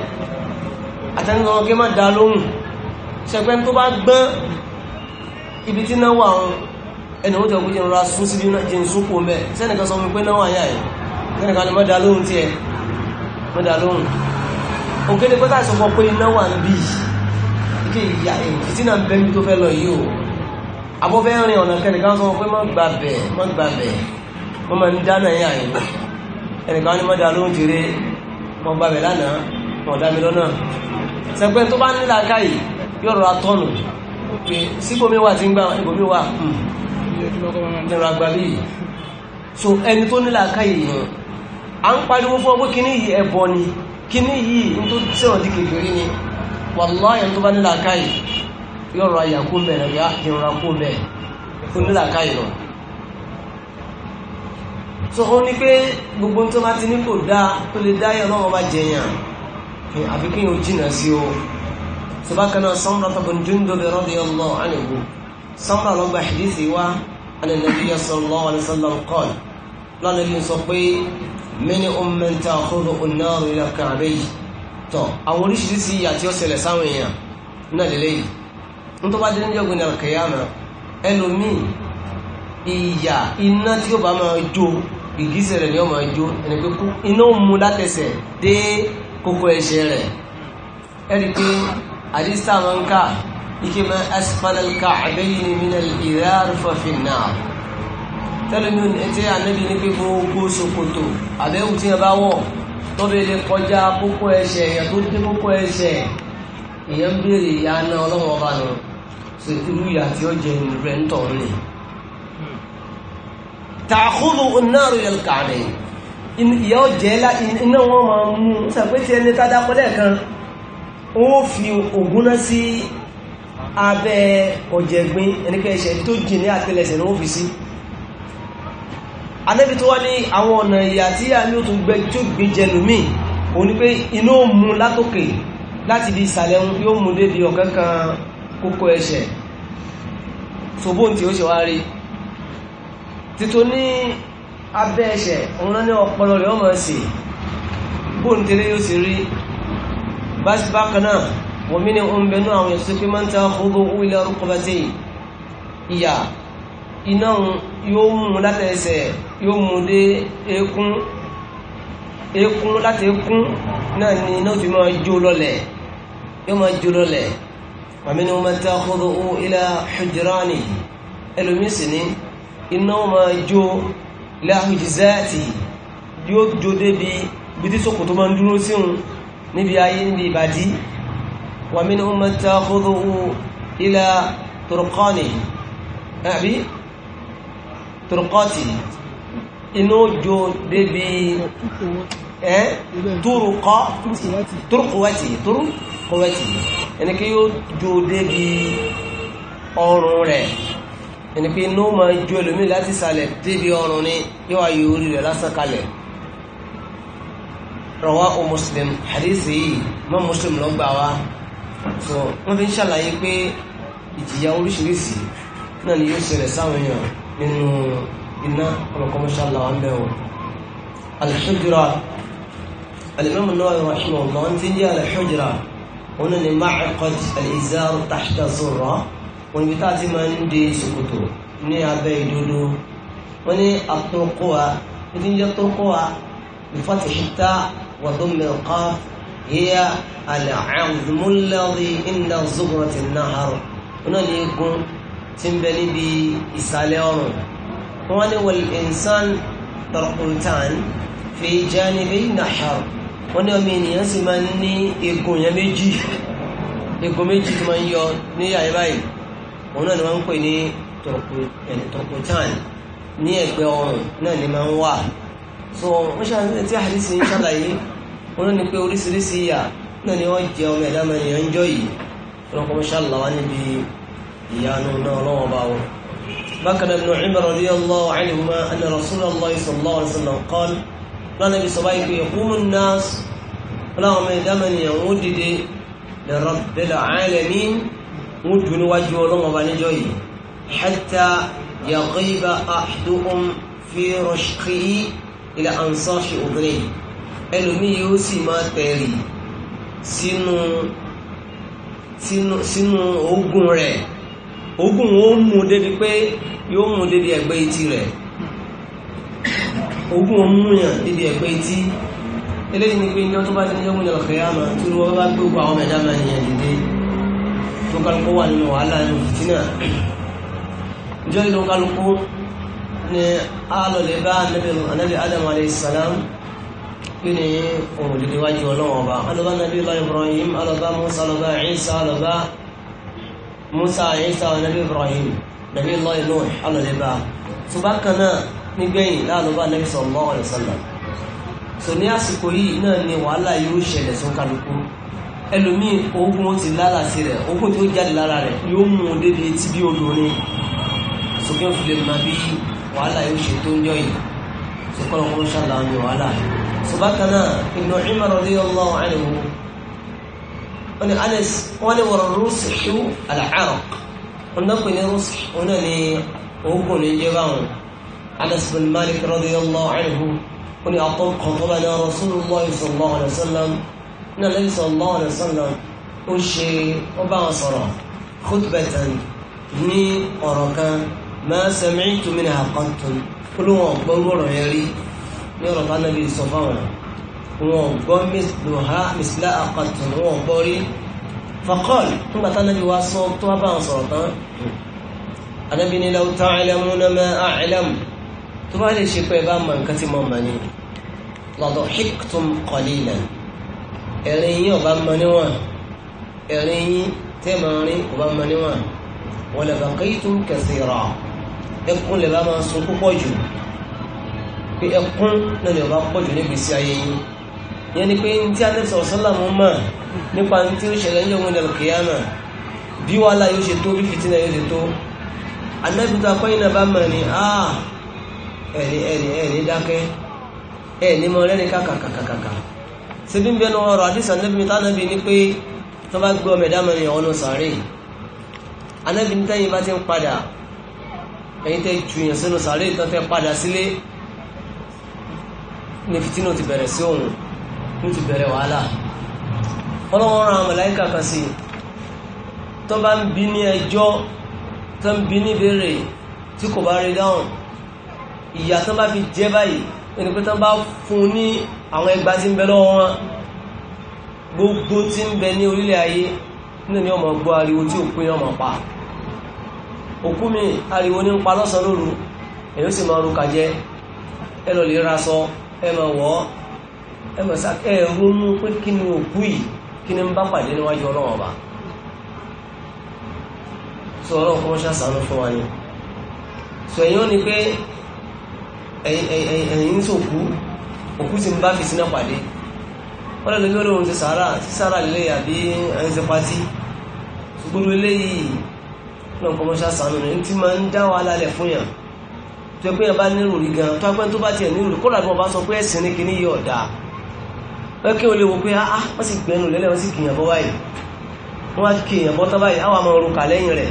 àtẹnìkẹ́ wọn pé má dá lóhùn ṣẹgbẹ́ tó bá gbọ́n ibi tí náà wà wọn ẹni wọ́n jẹ́ òkú jẹ́ ìrora sún sí jẹ́ ìsúnkú mẹ́ sẹ́nìkan sọ fún pé náà wà yà yìí sẹ́nìkan ni má dá lóhùn tiẹ̀ má dá lóhùn òkèlè pẹ́tà sọ fún pé iná wà ń bí ike ìyá ìtìtì náà ń tó fẹ́ lọ yìí abọ́fẹ́ rìn ọ̀nà kẹ́nìkan sọ pé má gbà bẹ̀ má gbà bẹ̀ wọ́n máa ń dáná yà yìí ẹnìkan ní mọ́dà ló ń jèrè wọ́n gbà bẹ̀ lánàá wọ́n dá mi lọ́nà sẹ́pẹ́ tó bá nílà káyì yóò rọra tọ́nù pé síbòmí wà tí ń gbà ibòmí wà nínú agbábí yìí so ẹni tó nílà káyì yìí à ń pariwo fún ọgbẹ́ kíní yìí ẹ̀bọ ni kíní yìí ní tó sẹ́wọ̀n di kékeré ni wàlláhì ẹni tó bá nílà káyì yóò rọ ayà kó mẹ́rẹ̀ yá ìrora kó mẹ́ onílàkà ìrọ̀ so ó ní pé gbogbo tó bá ti ní kò dáa tó lè dáyà náà wọ́n bá jẹyàn àfi kí n ò jìnà sí o tó bá kanáà Samra bin Jundub radiyallahu anhu Samra lọ gba hadisi wa an an-nabiy sallallahu alaihi wasallam qala lọ́nà bí n sọ pé mini umman ta'khudhu an-nar ń tó bá dé níjọ́ gbìnà kẹyàmà ẹlòmíì ìyà iná tí ó bá máa jó ìgísẹ̀ rẹ̀ ni ó máa jó ẹni pé iná ó mú látẹsẹ̀ dé kókó ẹsẹ̀ rẹ̀ ẹni pé àdìsá máa ń kà ike máa asfalalka àbẹ́yìn ní minal ìráàrú fàfin náà tẹ́lẹ̀mí tí ànábì ní pé gbogbo ṣòkòtò àbẹ́wù tí ẹ bá wọ̀ tó bẹ̀rẹ̀ kọjá kókó ẹsẹ̀ ẹ̀yà tó dé kókó ẹsẹ̀ èèyàn béèrè ìyá náà ọlọ́wọ́ ọba nù so irú ìyá tí ó jẹ ìrìn rẹ̀ ń tọ̀ ń lè. tààkùrù náà rẹ̀ kàrẹ̀ ìyá ọ̀jẹ̀ iná wọn máa mú sàpétí ẹni tá a dápọ̀ lẹ́ẹ̀kan ó fi ògùn náà sí abẹ́ ọ̀jẹ̀gbin ẹnikẹ́ tó jìn ní àtẹlẹsẹ̀ ni wọ́n fi tó wá ní àwọn ọ̀nà ìyà tí a ní ó tún gbé jù gbé jẹlùmí òun ni pé iná ó mú látòkè láti di ìsàlẹ̀ ohun yóò mú débi ọ̀kankan kókó ẹsẹ̀ ṣòbó tí ó ṣe wá rí títò ní abẹ́ ẹsẹ̀ òun náà ní ọpọlọ rẹ̀ ọmọ sí bóun tẹ́lẹ̀ yóò sì rí bákan náà wọ́n mí ní ohun bẹnu àwọn èso pé máa ń ta ọgbọ́n owó náà ni iná fi máa jó lọlẹ̀ yóò máa jùlọ lẹ̀ wàmí ni wọ́n máa ta kódó ó ilá hujurani ẹlòmíì sì ni iná wọn máa jó láhùjìzáàtì yóò jó débi bí tí sọ́kò tó máa ń dúró sí òun níbi ayé níbi ìbàdí wàmí ni wọ́n máa ta kódó ó ilá turkani àbí turkati iná jó débi turuqa turuquwati turuquwati ẹni kí yóò jó débi ọrùn rẹ̀ ẹni pé inú máa jó ẹlòmí láti sàlẹ̀ débi ọrùn ni yóò ayò orí rẹ̀ lásán kalẹ̀ rawahu muslim hadisi yìí mọ́ muslim ló gbà wá so wọ́n fi ń ṣàlàyé pé ìjìyà oríṣiríṣi náà ni yóò ṣẹlẹ̀ sáwọn èèyàn nínú iná ọlọ́kọ́mọṣálà wà ń bẹ̀wò alhijra الإمام النووي رحمه الله في جال الحجرة هنا المعقد الإزار تحت صرة ونبتاتي ما ندي سكتو ني أبي دودو وني أطرقوا في جال طرقوا بفتح التاء وضم القاف هي العظم الذي عند زبرة النهر هنا يكون تنبني بإساليون وأنا والإنسان ترقلتان في جانبي نحر wọ́n ní ọmọ ènìyàn sì máa ń ní egun yẹn méjì egun méjì tó máa ń yọ ní àyè báyìí òun náà ni wọ́n ń pè ní tọkùtàn ní ẹ̀gbẹ́ ọrùn náà ni máa ń wà so wọ́n ṣàlàyé tí àdìsí ń ṣàlàyé wọ́n náà ni pé oríṣiríṣi ìyà náà ni wọ́n jẹ ọmọ ẹ̀dá mẹ́rin ń jọ yìí ọlọ́kọ̀ ṣàlàwá níbi ìyanu náà lọ́wọ́ bá wọn. bákan náà ibn Umar radiyallahu lọ́nà ibi sọ̀bá ìpè yaqumu an-nas ọlọ́run ọmọ ẹ̀dá mẹ́niyàn wọ́n dìde li rabbil alamin wọ́n dùn níwájú ọlọ́run ọba níjọ́ yìí hatta yaghiba ahaduhum fi rashqihi ila ansahi udhnihi ẹlòmíì yóò sì máa tẹ̀rì sínú sínú ogun rẹ̀ ogun ó mú débi pé yóò mú débi ẹ̀gbẹ́ ogún ọmúyàn níbi ẹ̀pẹ́ tí eléyìí ni pé ní ọtọ́ bá ti ní ọmọ ìyàlọ̀ kẹyàmà tí wọ́n bá gbé ogun àwọn ẹ̀dá máa nìyàn dìde tó kálukú wà nínú wàhálà nínú fìtínà ìjọ ìlú kálukú ni alọ̀lẹ̀ bá anábì adam aleyhisselam kí ni ohun òdìdí wájú ọlọ́wọ́n ọba alọ́bá nàbí lọ Ibrahim alọ́bá Musa alọ́bá Isa alọ́bá Musa Isa alọ́bá Ibrahim nàbí lọ inú bá tó bá kan náà nígbẹ̀yìn láàánú bá Nabi sallallahu alaihi wasallam so ní àsìkò yìí náà ni wàhálà yóò ṣẹlẹ̀ sún kálukú ẹlòmíì ogun ó ti lára sí rẹ̀ ogun tí ó jáde lára rẹ̀ yóò mú un débi etí bí olórin sókè òfin lè mọ bí wàhálà yóò ṣe tó ń jọ yìí sókè òkun ṣàlàyé ní wàhálà sọbákan náà Ibn Umar radiyallahu anhu wọn ni Anas wọ̀rọ̀ rúṣìṣú al-araq náà pè ní rúṣìṣú wọn náà ni ogun ní أنس بن مالك رضي الله عنه هنا أقول خطبنا رسول الله صلى الله عليه وسلم أن النبي صلى الله عليه وسلم أشي وبعد صلاة خطبة ني أركان ما سمعت منها قط كلهم أقبلوا يري يرى النبي صلى الله عليه وسلم وقال مثلها مثل قط وقال فقال ثم النبي وصلت وبعد صلاة النبي لو تعلمون ما أعلم tó bá lè ṣe pé ẹ bá mọ nǹkan tí mo mọ̀ ni lọ́dọ̀ hiktum qalilan ẹ̀rín yín ọba mọ níwọ̀n ẹ̀rín yín tẹ́ mọ rin ọba mọ níwọ̀n wa la baqaytum kaseera ẹkún lè bá máa sun púpọ̀ jù pé ẹkún náà lè bá pọ̀ jù níbi sí ayé yín yẹn ni pé ní tí a lẹ́sọ̀ sọ́làmù mọ̀ nípa ní tí ó ṣẹlẹ̀ ní ọmọdé alkiyama bí wàhálà yóò ṣe tó bí fìtínà yóò ṣe tó anábìtà pẹ́yìn náà bá mọ̀ ni ah ẹni ẹni ẹni dákẹ́ ẹni mọ lẹ́ni kàkàkàkàkà síbí ń bẹnu ọ̀rọ̀ àdìsàn níbi tánàbí ni pé tó bá gbé ọmọ ẹ̀dá mẹ́rin ọ̀nà sàárè anábì ní tẹ́yìn bá ti ń padà ẹ̀yìn tẹ́ ju yàn sínú sàárè tó fẹ́ padà sílé ní fìtínà ti bẹ̀rẹ̀ sí òun ní ti bẹ̀rẹ̀ wàhálà ọlọ́wọ́n ran màláíkà kan sí tó bá ń bi ní ẹjọ́ tó ń bi ní ìbéèrè tí kò bá rí dáhùn ìyà tán bá fi jẹ́ báyìí ẹni pé tán bá fún ní àwọn ẹgbà tí ń bẹ lọ́wọ́ wọn gbogbo tí ń bẹ ní orílẹ̀ ayé nínú ni ọmọ gbọ́ ariwo tí òkú yẹn ọmọ pa òkú mi ariwo ní ń pa lọ́sàn lóru èyí sì máa ruka jẹ ẹ lọ lè ra sọ ẹ mọ wọ ẹ mọ sá ẹ ronú pé kí ni òkú yìí kí ni ń bá pàdé níwájú ọlọ́wọ́n ọba sọ ọlọ́run kọ́mọ́ṣà sànú fún wa ni sọ èyí ó ní pé ẹ̀yìn ń sòkú òkú ti ń bá fi sínú pàdé wọ́n lè lórí ohun ti sàárà tí sàárà lè àbí ẹni ti patí gbogbo eléyìí náà kọ́ mọ́ṣá sànù ní tí máa ń dá wàhálà lẹ̀ fún yàn tó yẹ pé yàn bá nírò rí gan tó apẹ́ tó bá tiẹ̀ nírò rí kódà tó bá sọ pé ẹ̀sìn ní kíní yìí ọ̀dà wọ́n kí wọ́n lè wò pé ah, ah wọ́n sì gbẹ́nu lẹ́lẹ́ wọ́n sì kìyàn bọ́ báyìí wọ́n wá kìyàn bọ́ tán báyìí àwọn àmọ́ orúkà lẹ́yìn rẹ̀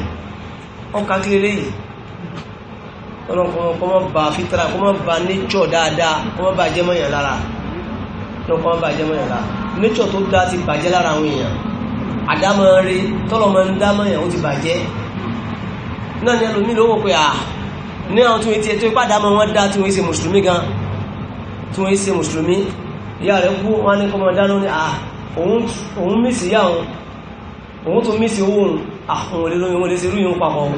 wọ́n ká kí eléyìí ọlọ́run kọ́ mọ́ bá fitra kọ́ mọ́ bá nature dáadáa kọ́ mọ́ bá jẹ́ mọ́yàn lára lọ́kọ́ mọ́ bá jẹ́ mọ́yàn lára nature tó dá ti bàjẹ́ lára àwọn èèyàn àdámọ́ rí tọ́lọ́ mọ́ ń dá mọ́yàn ó ti bàjẹ́ náà ni ẹlòmí ló wò pé à ní àwọn tí wọ́n ti ẹ̀tọ́ ipá dámọ́ wọn dá tí wọ́n ṣe mùsùlùmí gan tí wọ́n ṣe mùsùlùmí ìyá rẹ̀ kú wọn ní kọ́mọ dáná ní à òun mísì ìyá òun òun tó mísì owó òun àwọn olè lóyún wọn lè ṣe lóyún papọ̀ òun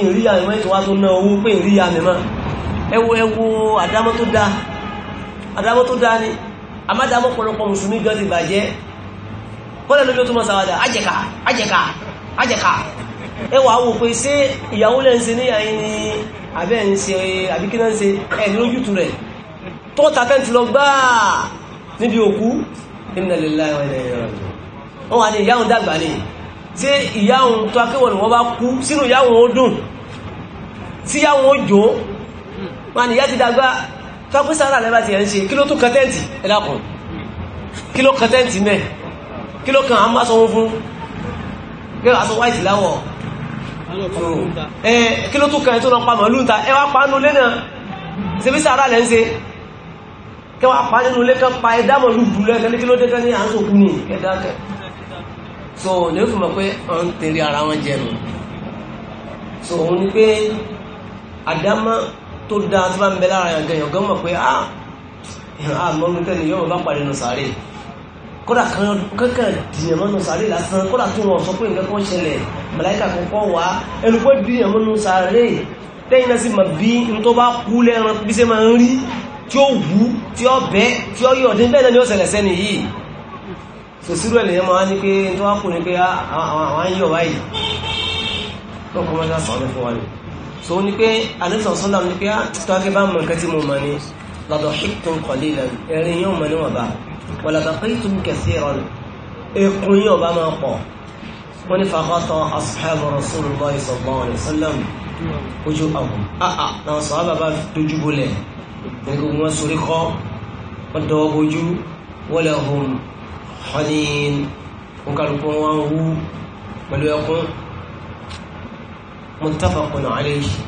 ìrìyà ìmọ̀ ìtọ́wà tó ná owó pé ìrìyà mẹ́mọ́ ẹwọ ẹwọ àdámọ́ tó dáa àdámọ́ tó dáa ni àmádámọ́ pọ̀lọpọ̀ mùsùlùmí gan ti bàjẹ́ bọ́lẹ̀ lójú tó mọ̀ sàwádà ajẹ́ka ajẹ́ka ajẹ́ka ẹwà wò pé ṣé ìyàwó lẹ́ ń ṣe níyà yín ni àbẹ́ ń ṣe àbíkí náà ń ṣe ẹ̀ lójútu rẹ̀ tọ́ta fẹ́ǹtì lọ gbáà níbi òkú ìnàlélá ẹ̀ wọ́n wà ní ìyáhùn dàgbà ni tí ìyá òun tó akéwọ̀n wọ́n bá kú sínú ìyá òun ó dùn tí ìyá òun ó jó ma ni ìyá ti dàgbà tọ́pẹ́ sára lẹ́bà ti ẹ̀ ń ṣe kí ló tó kọtẹ́ǹtì ẹ̀dàkùn kí ló kọtẹ́ǹtì mẹ́ kí ló kàn án bá sọ wọn fún kí ló aṣọ white láwọ̀ kí ló tó kàn án tó lọ pa màálù ta ẹ wá pa nínú ilé náà ṣebí sára lẹ́ ń ṣe kẹwàá pa nínú ilé kan pa ẹ̀dá màálù bùlẹ̀ kí ló dé tẹ́ ní à ń sòkú ni ẹ̀dá kẹ́ so ní ó fi mọ̀ pé wọ́n tẹ̀lé ara wọn jẹnu so òun ni pé àdámọ́ tó dáa tó bá ń bẹ lára yàn gan yàn gan mọ̀ pé a àmọ́nu tẹ́lẹ̀ yọ̀ wọ́n bá parí nù sáré kódà kankan dìyàn mọ́nu sáré lásán kódà tó wọn sọ pé nǹkan kan ṣẹlẹ̀ màláìkà kọ̀ọ̀kan wá ẹnu pé dìyàn mọ́nu sáré lẹ́yìn náà sì mọ̀ bí n tó bá kú lẹ́ran bí ṣe máa ń rí tí ó wú tí ó bẹ́ tí ó yọ̀ ọ̀dín bẹ́ẹ̀ náà ni ó ṣẹlẹ̀ sẹ́ni yìí sòsúrò ẹ̀lẹ́yẹ máa ní pé tó wá kù ní pé ah, àwọn ayọ̀ báyìí tó kọ́ mọ́ta sọ̀rọ̀ fún wa ni so ní pé alẹ́sàn sọ́lá ní pé ah, tó wá kí bá mọ̀ nǹkan tí mo mọ̀ ni lọ́dọ̀ hìtún kọ̀lé lẹ́nu ẹ̀rin yóò mọ̀ níwọ̀n bá wọ́n lọ́dọ̀ pé tó ń kẹ̀sí ẹ̀rọ ni ekun yóò bá máa pọ̀ ah, wọ́n ní fàkọ́tọ̀ asuhabu rasulullah hanin wọn kálukú wọn wú pẹ̀lú ẹkún muttafaqun alayhi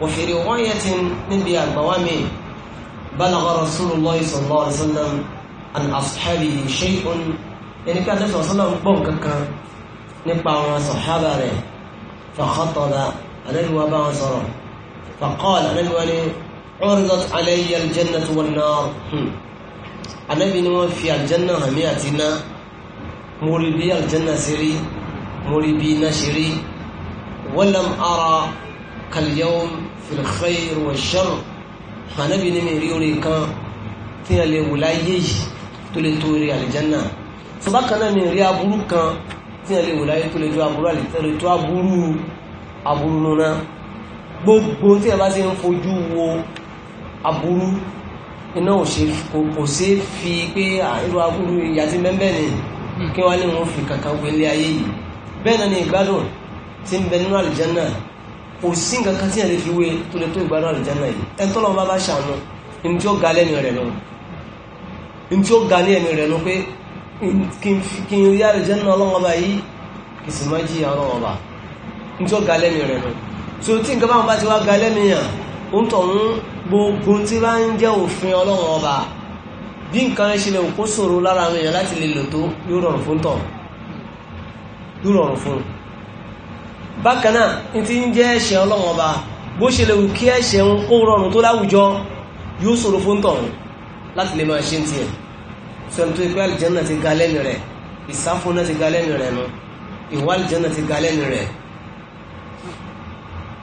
wa fi riwayatin níbi àgbàwá mi balagha rasulullah sallallahu alaihi wasallam an ashabihi shay'un ẹni pé àtẹ́sọ̀ sọ́lọ́ ń gbọ́n kankan nípa àwọn sàhábà rẹ̀ fa khataba àdẹ́lùwà bá wọn sọ̀rọ̀ fa qala àdẹ́lùwà ni uridat alayya al-jannatu wan-nar hmm anábì ni wọ́n fi àlìjánà hàn mí àti iná mo rí bí àlìjánà ṣe rí mo rí bí iná ṣe rí walam ara kal-yawm fil khair wa sharr anábì ni mi rí orí kan tí a lè wò láyé yìí tó lè tó rí mi rí aburú kan tí a lè wò láyé tó lè tó aburú àlìjánà tó nuna gbogbo tí a bá ṣe wo aburú iná ò ṣe kò ṣe fi pé irú agúrú ìyá tí mẹ́mbẹ́ ni hmm. kí wọ́n ní wọ́n fi kankan wọlé ayé yìí bẹ́ẹ̀ náà ni ìgbádùn tí ń bẹ nínú àlìjánà kò sí nǹkan kan tí ẹ̀ lè fi wé tó lè tó ìgbádùn àlìjánà yìí ẹ̀ tọ́lọ́ bá bá ṣàánú ní tí ó ga lẹ́nu rẹ̀ lọ ní tí ó ga ní ẹ̀mí rẹ̀ lọ pé kí n rí àlìjánà ọlọ́wọ́ bá yìí kì sì má jí ọlọ́wọ́ bá ní tí ó ga lẹ́nu rẹ̀ lọ so tí nǹkan báwọn bá ti wá ga lẹ́nu yàn ó ń tọ̀ gbogbo tí bá ń jẹ́ òfin ọlọ́run ọba bí nǹkan rẹ̀ ṣe lè kó ṣòro lára àwọn èèyàn láti lè lò tó yóò rọrùn fún tọ̀ yóò rọrùn fún un bákan náà ní ti ń jẹ́ ẹ̀ṣẹ̀ ọlọ́run ọba bó ṣe lè wù kí ẹ̀ṣẹ̀ ń kó rọrùn tó láwùjọ yóò ṣòro fún tọ̀ láti lè máa ṣe ń tiẹ̀ sọ̀rọ̀ tó ikú àlìjẹ́nà ti ga lẹ́nu rẹ̀ ìsáfúnná ti ga lẹ́nu rẹ̀ nu ìwà àlìjẹ́nà ti ga lẹ́nu rẹ̀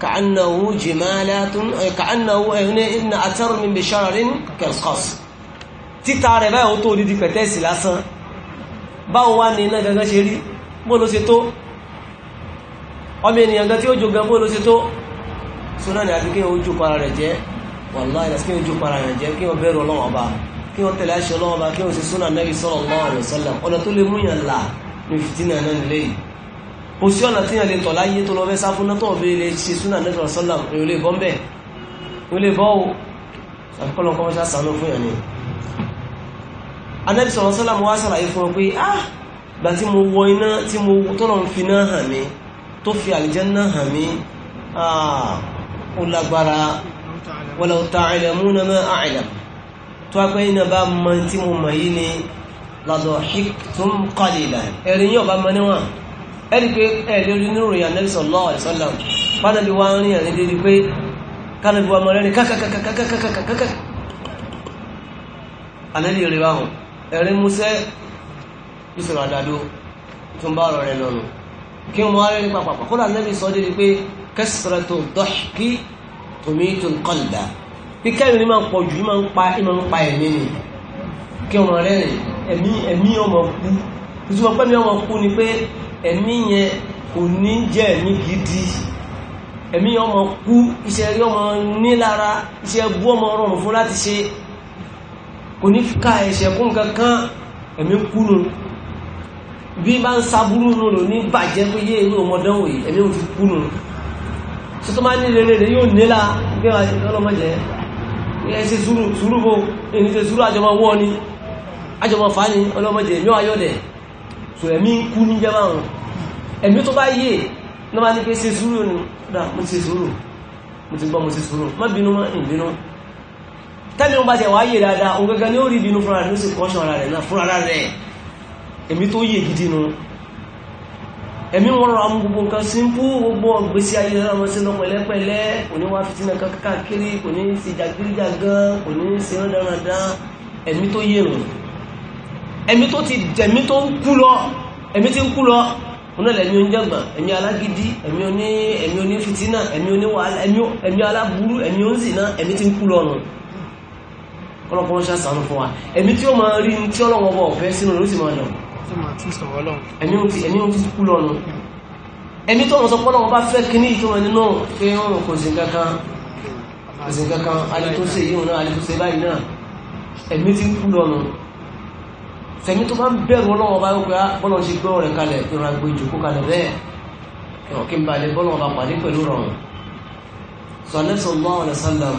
كأنه جمالة كأنه إن أثر من بشرر كالقص títà rẹ̀ báyìí ó tó dídí pẹ̀tẹ́sì lásán báwo wá ní iná gangan ṣe rí bó ló ṣe tó ọmọ ènìyàn gan tí ó jogan bó ló ṣe tó so náà ni àti kí wọ́n jó para rẹ̀ jẹ́ wàlá ìdásí kí wọ́n jó para rẹ̀ jẹ́ kí wọ́n bẹ̀rù Ọlọ́run Ọba kí wọ́n tẹ̀lé aṣọ Ọlọ́run Ọba kí wọ́n ṣe súnà Nábì sallallahu alaihi wasallam ọ̀nà tó lè múyàn là ní fìtínà náà nílé yìí kò sí ọ̀nà tí yàn lè tọ̀ láyé tó lọ fẹ́ sáfún náà tọ̀ bí lè ṣe súnà nẹ́tọ̀ sọ́là èyí lè bọ́ mbẹ́ èyí lè bọ́ o àfikọ́lọ́ kọ́ ṣá sànú fún yàn ni. anabi sọ̀rọ̀ sọ́là mo wá ṣàlàyé fún ọ pé ah gbà tí mo wọ iná tí mo tọ́lọ̀ ń fi náà hàn mí tó fi àlìjánnà hàn mí ah ó lágbára walau ta'lamuna ma a'lam tó wá pé iná bá mọ tí mo mọ̀ yìí ni lọ́dọ̀ hik tó ń kọ́lé ìlà yóò bá mọ níwọ̀n ẹni pé ẹ̀ẹ́dẹ́ orí nínú ìròyìn Ànábì sallallahu alaihi wasallam pánàbí wá ń rìn àrìn dédé pé kánàbí wá mọ́ rẹ́rìn kákàkàkàkàkàkàkà Ànábì rẹ̀ wáhùn ẹ̀rín músẹ́ ìṣòro àdàdo tó ń bá ọ̀rọ̀ rẹ̀ lọ́nu kí wọ́n rẹ̀ nípa pàpà kódà Ànábì sọ dédé pé kasratu dhahki tumitu al-qalba pé kẹ́rin ní máa ń pọ̀ jù ní máa ń pa ẹ̀mí ni kí wọ́n ni pé ẹ̀mí yẹn kò ní jẹ́ ẹ̀mí gidi ẹ̀mí ọmọ kú iṣẹ́ rí ọmọ nílára iṣẹ́ bú ọmọ rọrùn fún láti ṣe kò ní ká ẹ̀ṣẹ̀ kún kankan ẹ̀mí kúnnù bí bá ń saburú nínú ní bàjẹ́ pé yé ìlú ọmọdánwò yìí ẹ̀mí ò fi kúnnù tó tó máa ní rere rẹ̀ yóò nílá bí wà lọ́lọ́mọdé ẹ ṣe sùúrù sùúrù bò ẹni ṣe sùúrù àjọmọ ni àjọmọ fà ní ọlọ́mọdé ẹ̀mí ayọ́dẹ̀ so ẹ̀mí ń kú ní jẹ́bà wọn ẹ̀mí tó bá yé náà máa ní pé ṣe sùúrù ni dá mo ṣe sùúrù mo ti gbọ́ mo ṣe sùúrù má bínú má ìbínú tẹ́mi wọn bá ṣe wáyé dáadáa òun gẹ́gẹ́ ni ó rí ìbínú fúnra rẹ̀ ló sì kọ́ṣọ́ ara rẹ̀ náà fúnra rẹ̀ ẹ̀mí tó yé gidi nu ẹ̀mí wọn rọra mú gbogbo nǹkan sínkú gbogbo ọ̀gbẹ́sí ayé rẹ̀ wọn sínú pẹ̀lẹ́pẹ̀lẹ́ kò ní wá fitinà kankan káàkiri kò ní ṣe jàgídíjàgan kò ní ṣe rán dáradára ẹ̀mí rùn ẹ̀mí tó ti dẹ̀mí tó ń kú lọ ẹ̀mí tí ń kú lọ onílẹ̀ ẹ̀mí oníjàgbọ̀n ẹ̀mí alágídí ẹ̀mí oní ẹ̀mí oní fìtínà ẹ̀mí oní wàhálà ẹ̀mí aláburú ẹ̀mí oníṣìnà ẹ̀mí tí ń kú lọ́nu ọlọ́pọ̀ ń ṣàṣàánú fún wa ẹ̀mí tí ó máa rí tí ọlọ́wọ́ bọ̀ ọ̀fẹ́ sínú ló sì máa lọ ẹ̀mí ó ti kú lọ́nu ẹ̀mí tó wọ́n sọ pọ́lọ́wọ́ bá fẹ́ kí ní ìtọ́ wọn nínú pé wọ́n kò sí kankan kò sí kankan alẹ́ tó ṣe yíò náà alẹ́ tó ṣe báyìí náà ẹ̀mí ti kú lọ́nu tẹ̀yìn tó bá ń bẹ̀rù ọlọ́wọ́ bá yóò pé ah, bọ́lọ̀ ṣe gbọ́ rẹ̀ kalẹ̀ pé ra gbé ìjòkó kalẹ̀ bẹ́ẹ̀ ẹ̀rọ kí n ba lè bọ́lọ̀ bá pàdé pẹ̀lú rọrùn sọ̀lẹ́sọ̀ mọ́ ọ̀nà sálàm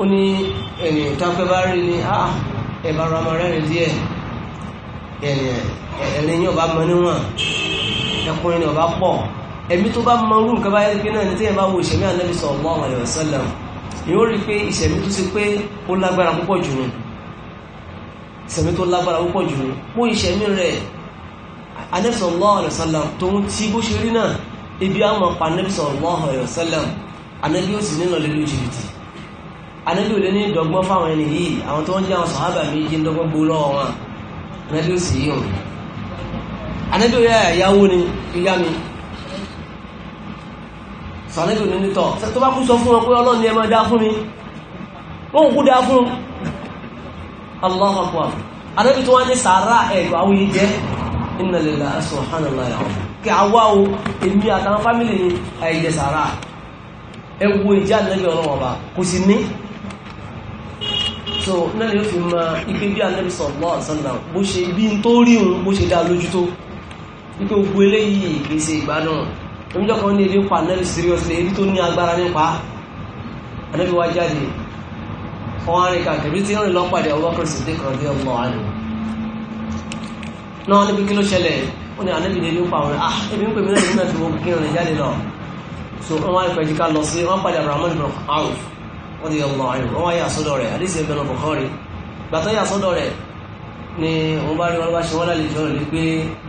ó ní ẹ̀yìn ìtafẹ́ bá ni a ah, ẹ̀bá ni ọba pọ̀ ẹ̀mí tó bá mọ orú nǹkan bá yẹ pé náà ní tẹ́yẹ̀ bá wo ìṣẹ̀mí ànábì sọ̀rọ̀ mọ́ ọ̀nà sálàm ni ó rí pé ìṣẹ̀mí tó ṣe pé ó lágbára púpọ̀ jù ni sẹ̀mí tó lágbára púpọ̀ jù mú ìṣẹ̀mí rẹ̀ Ànábì sallallahu alaihi wasallam tó ń tí bó ṣe rí náà ibi àwọn pa Ànábì sallallahu alaihi wasallam Ànábì ó sì nínà lórí jìbìtì Ànábì ò lé ní ìdọ́gbọ́n fáwọn ẹni yìí àwọn tó ń jẹ́ àwọn sàhábà mi yé ń dọ́gbọ́n gbó lọ́wọ́ wọn Ànábì ó sì ni ìyá mi sọ nítọ̀ tó bá kú sọ fún wọn pé Ọlọ́run ni ẹ máa dá fún mi wọ́n kú dá fún Allahu akbar anábì tó wá ní sàárà ẹ̀rọ àwọn yìí jẹ́ inna lillahi subhanallah yàwó kí àwa o èmi àtàwọn fámìlì ni àìjẹ sàárà ẹ so náà ni ó fi máa ike bí anábì sallallahu alaihi wasallam bó ṣe bí n tó rí òun bó ṣe dá lójú tó wípé gbogbo eléyìí ìgbésẹ̀ ìgbà kan ní ebi pa anábì seriously ebi tó ní agbára nípa anábì wá jáde wọ́n rí kàkiri tí ń rìn lọ́pàdé Abubakar Siddiq radiyallahu anhu náà níbi kí ló ṣẹlẹ̀ ó ní ànábì ní nípa àwọn ah ebi ń pè mí náà nígbà tí mo kí rìn jáde lọ so wọ́n wá ìpẹ́jì ká lọ sí wọ́n padà Abdurrahman out. Auf radiyallahu anhu wọ́n wá yà sọ́dọ̀ rẹ̀ àdìsí ẹgbẹ́ lọ Bukhari gbàtọ́ yà sọ́dọ̀ rẹ̀ ni wọ́n bá rí wọn bá ṣe wọ́n lálejò rẹ̀ ní pé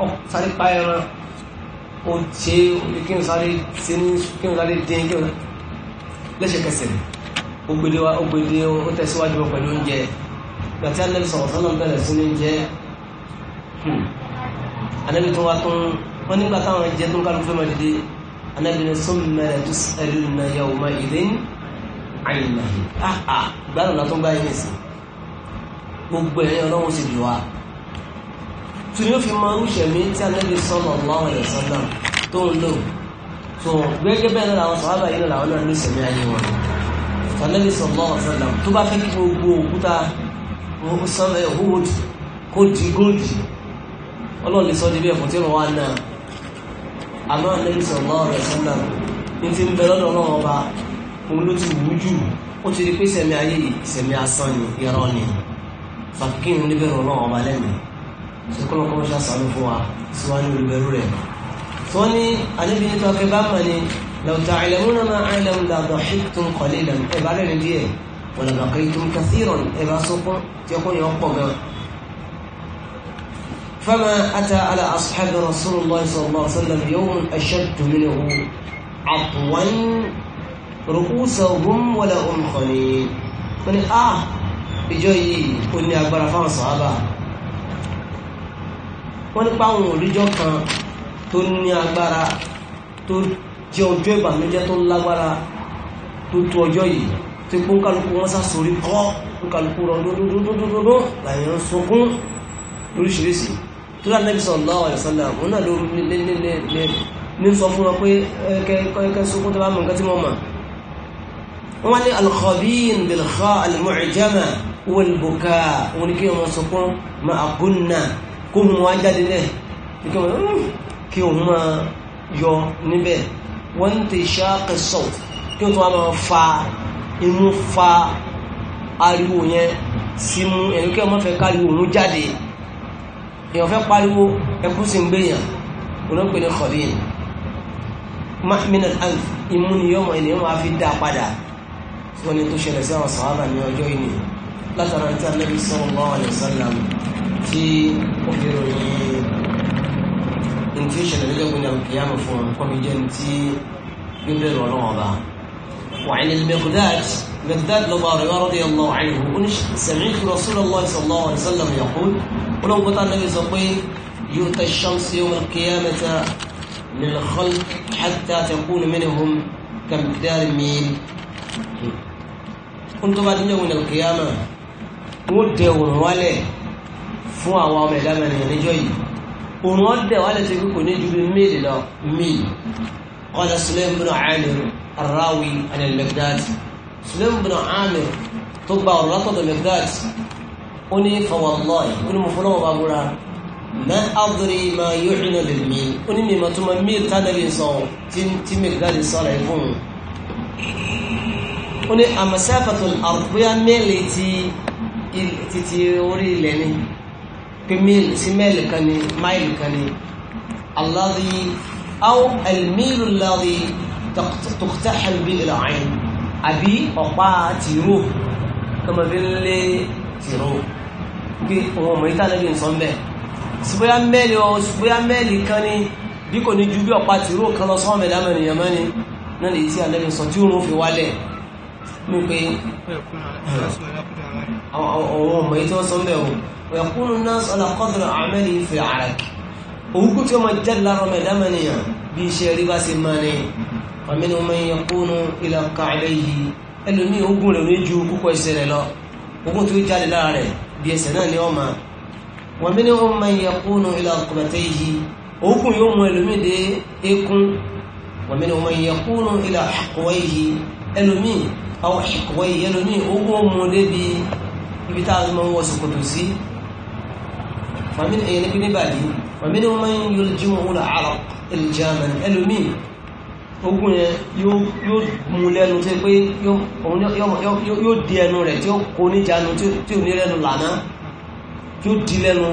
ọ sáré pa ẹran ó ṣe kí n sáré dín kí n lẹ́sẹ̀kẹsẹ̀ ó gbé dé wá ó gbé dé ó tẹ̀síwájú wọn pẹ̀lú oúnjẹ gbàtí anabi sọ̀rọ̀ sọ́nà bẹ̀rẹ̀ sí ní jẹ́ anabi hmm. tó wá tún wọn nígbà táwọn jẹ tó ń kálukú fẹ́ máa dìde anabi ní summa latus'alunna yawma'idhin 'anil na'im áhà ah, ah, gbàdùn látún bá yín sí gbogbo ẹ̀yìn ọlọ́run sì bì wá tún yóò fi mọ irúṣẹ̀mí tí anabi sallallahu alaihi wasallam tó ń lò tó gbẹ́gẹ́ bẹ́ẹ̀ náà làwọn sọ̀rọ̀ àbáyé fanabi sallallahu alaihi wasallam tó bá fẹ́ kí gbogbo òkúta hood kó di góòdì ọlọ́run lè sọ níbi ẹ̀fọ́ tí wọ́n wá náà àmọ́ anabi sallallahu alaihi wasallam ní ti ń bẹ lọ́dọ̀ ọlọ́run ọba òun ló ti wù ú jù ó ti di pé sẹ̀mí ayé yìí sẹ̀mí asán ni irọ́ ni fàkín oníbẹ̀rù ọlọ́run ọba lẹ́nu ṣùkọ́nà kọ́mọ́ṣà sàánú fún wa síwájú olùbẹ̀rù rẹ̀ tí wọ́n ní anabi nítorí akẹ́bá mọ̀ ni لو تعلمون ما أعلم لضحكتم قليلا إبعاد نديه بقيتم كثيرا إذا إيه سوق يقول يوقف فما أتى على أصحاب رسول الله صلى الله عليه وسلم يوم أشد منه عطوا رؤوسهم ولا أم خليل من آه بجوي كن أكبر فان صحابة wọ́n nípa àwọn òrìjọ́ jẹ́ ọjọ́ ìbànújẹ́ tó lágbára tó tó ọjọ́ yìí tí kó kálukú wọn sàsorí kọ́ kálukú rọ dódódódódó làyẹ̀ ń sunkún lóríṣiríṣi tó dá nẹ́bí sallallahu alaihi wasallam òun náà ló ní sọ fún wọn pé kẹ́kẹ́ sunkún tó bá mọ̀ nǹkan tí mo mọ̀ wọ́n wá ní alkhabin bilkha almu'jama wal buka òun ni kí wọn sunkún ma àgúnna wọ́n ti ṣáàkì sọ̀t kí o tún wá máa fa imú fa ariwo yẹn sí mú ẹ̀rù kí ọmọ fẹ́ káriwo òun jáde èèyàn fẹ́ pariwo ẹkú sí ń gbéyàn olóògbé ní kọ̀dín mahmin al-alf imú ni yọmọ ènìyàn wá fi dá padà tí wọ́n ní tó ṣẹlẹ̀ sí àwọn sàhábà ní ọjọ́ ìní látara tí a lẹ́bi sallallahu alaihi wasallam tí ó fi ròyìn ní tí ó ṣẹlẹ̀ lọ́jọ́ pé ní àmì fún ọkọ̀ mi jẹ́ ní tí وعن المقداد مقداد لضاري رضي الله عنه ونش سمعت رسول الله صلى الله عليه وسلم يقول ولو قطع النبي صلى يؤتى الشمس يوم القيامة للخلق حتى تكون منهم كمقدار ميل كنت بعد يوم القيامة ودي ونوالي فوا وامي لمن ينجوي òun ọ̀dẹ̀ wà lẹ́sẹ̀ pé kò ní ju bíi míìlì lọ míìlì qala Sulaym bin Amir ar-Rawi an al-Miqdad Sulaym bin Amir tó gba ọ̀rọ̀ látọ̀dọ̀ Miqdad ó ní fa wallahi ó ní mo fọlọ́wọ́ bá búra mẹ́ àdúrí ma yóò rìn lè mí ó ní mi màtúmọ̀ míìlì tánàlì sọ tí Miqdad sọ̀rọ̀ ẹ̀ fún un ó ní àmàṣẹ́ àfàtò àrùbíyá ti orí ilẹ̀ ni pé míìlì sí mẹ́ẹ̀lì kan ni máìlì kan ni aláàdì áwọ ẹ̀lmíìlù láàdì tọkítàhàn bí ìlàáyìn àbí ọ̀pá tìró kọmọbílẹ̀ tìró bí ohun ọmọ ìtàlẹ́bí nǹkan bẹ́ẹ̀ síbóyá mẹ́ẹ̀lì ọ síbóyá mẹ́ẹ̀lì kan ni bí kò ní ju bí ọ̀pá tìró kan lọ sọ́wọ́n mẹ́ẹ̀lì àmọ́ ènìyàn mọ́ni náà lè ti àlẹ́bí sọ tí òun fi wálẹ̀ ní pé àwọn ọmọ yìí tí wọ́n sọ ń bẹ̀ o ويقول الناس على قدر عملي في العرق وكنت يوم الجل رمضانيا بشيء رباس ماني فمنهم من يكون إلى كعبيه ẹlòmí ogun rẹ̀ ní ju púpọ̀ ẹsẹ̀ rẹ̀ lọ ogun tó jáde lára rẹ̀ bí ẹsẹ̀ náà ni ọmọ wọn bí ní wọn máa yẹ kúnnù ilà ọkùnrin yìí ogun yóò mú ẹlòmí dé eékún wọn bí ní wọn máa yẹ kúnnù ilà ọkùnrin yìí ẹlòmí àwọn ọkùnrin yìí ẹlòmí ogun mú débi ibi tá a máa ń wọ ṣòkòtò sí fàmí ẹ̀yẹ níbi ní bàdí fàmí ni wọ́n máa ń yọ jí wọn wọn àrọ̀ ìjàmẹ̀ ẹlòmí ogun yẹn yóò mú lẹ́nu tí pé yóò di ẹnu rẹ̀ tí ó kó níjànú tí ò ní lẹ́nu lànà yóò di lẹ́nu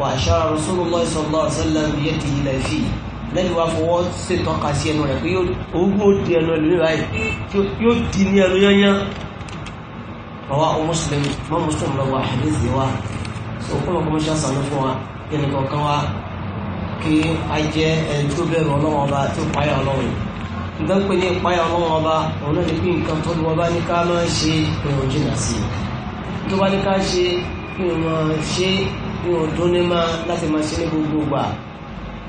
wà ṣára Rasulullah sallallahu alaihi wasallam yẹ́dì ilẹ̀ fìyì lẹ́yìn wá fọwọ́ ṣètọ́ka sí ẹnu rẹ̀ pé ogún ó di ẹnu ẹlòmí báyìí yóò di ní ẹnu yányán ọwọ́ Muslim mọ́ Muslim lọ́wọ́ àdéhùn wa sọkúnlọ kó ṣàṣàánú fún wa ẹnì kọ̀ọ̀kan wa kí a jẹ́ ẹni tó bẹ̀rù ọlọ́run ọba tó páyà ọlọ́run nǹkan pé ní ìpáyà ọlọ́run ọba òun náà ní pé nǹkan tó lu ọba ní ká máa ṣe ìrùn jìnnà sí i tó bá ní ká ṣe ìrùn ṣe ìrùn tó ní máa láti máa ṣe ní gbogbo gbà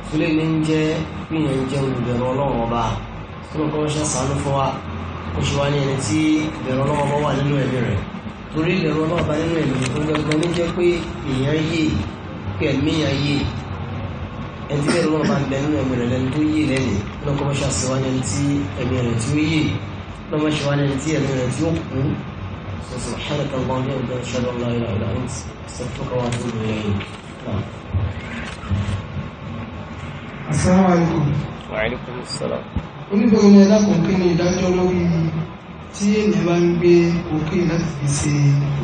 fúlẹ̀ ní ń jẹ́ píyàn jẹ́ olùbẹ̀rù ọlọ́run ọba tó lọ́kọ́ ṣàṣàánú fún wa oṣù wa ní ẹni tí ìbẹ̀rù ọlọ́run ọba wà nínú ẹ̀mí rẹ̀ torí ìdẹ̀rù ọlọ́ọ̀bá nínú ẹ̀mí gbọ́ngbọ́n ní jẹ́ pé èèyàn yé pé ẹ̀mí èèyàn yé ẹni tí bẹ́ẹ̀ lọ́wọ́ bá ń bẹ nínú ẹ̀mí rẹ̀ lẹ́nu tó yé lẹ́nu lọ́kọ́ mọ́ṣá síwájú ẹni tí ẹ̀mí rẹ̀ tí ó yé lọ́mọ síwájú ẹni tí ẹ̀mí rẹ̀ tí ó kú سبحانك اللهم وبحمدك اشهد ان لا اله الا انت السلام عليكم وعليكم السلام oníbẹ̀rẹ̀ ni ẹ̀dá kan kí ni ìdájọ́ lórí tí ènìyàn bá ń gbé òkè láti fi ṣe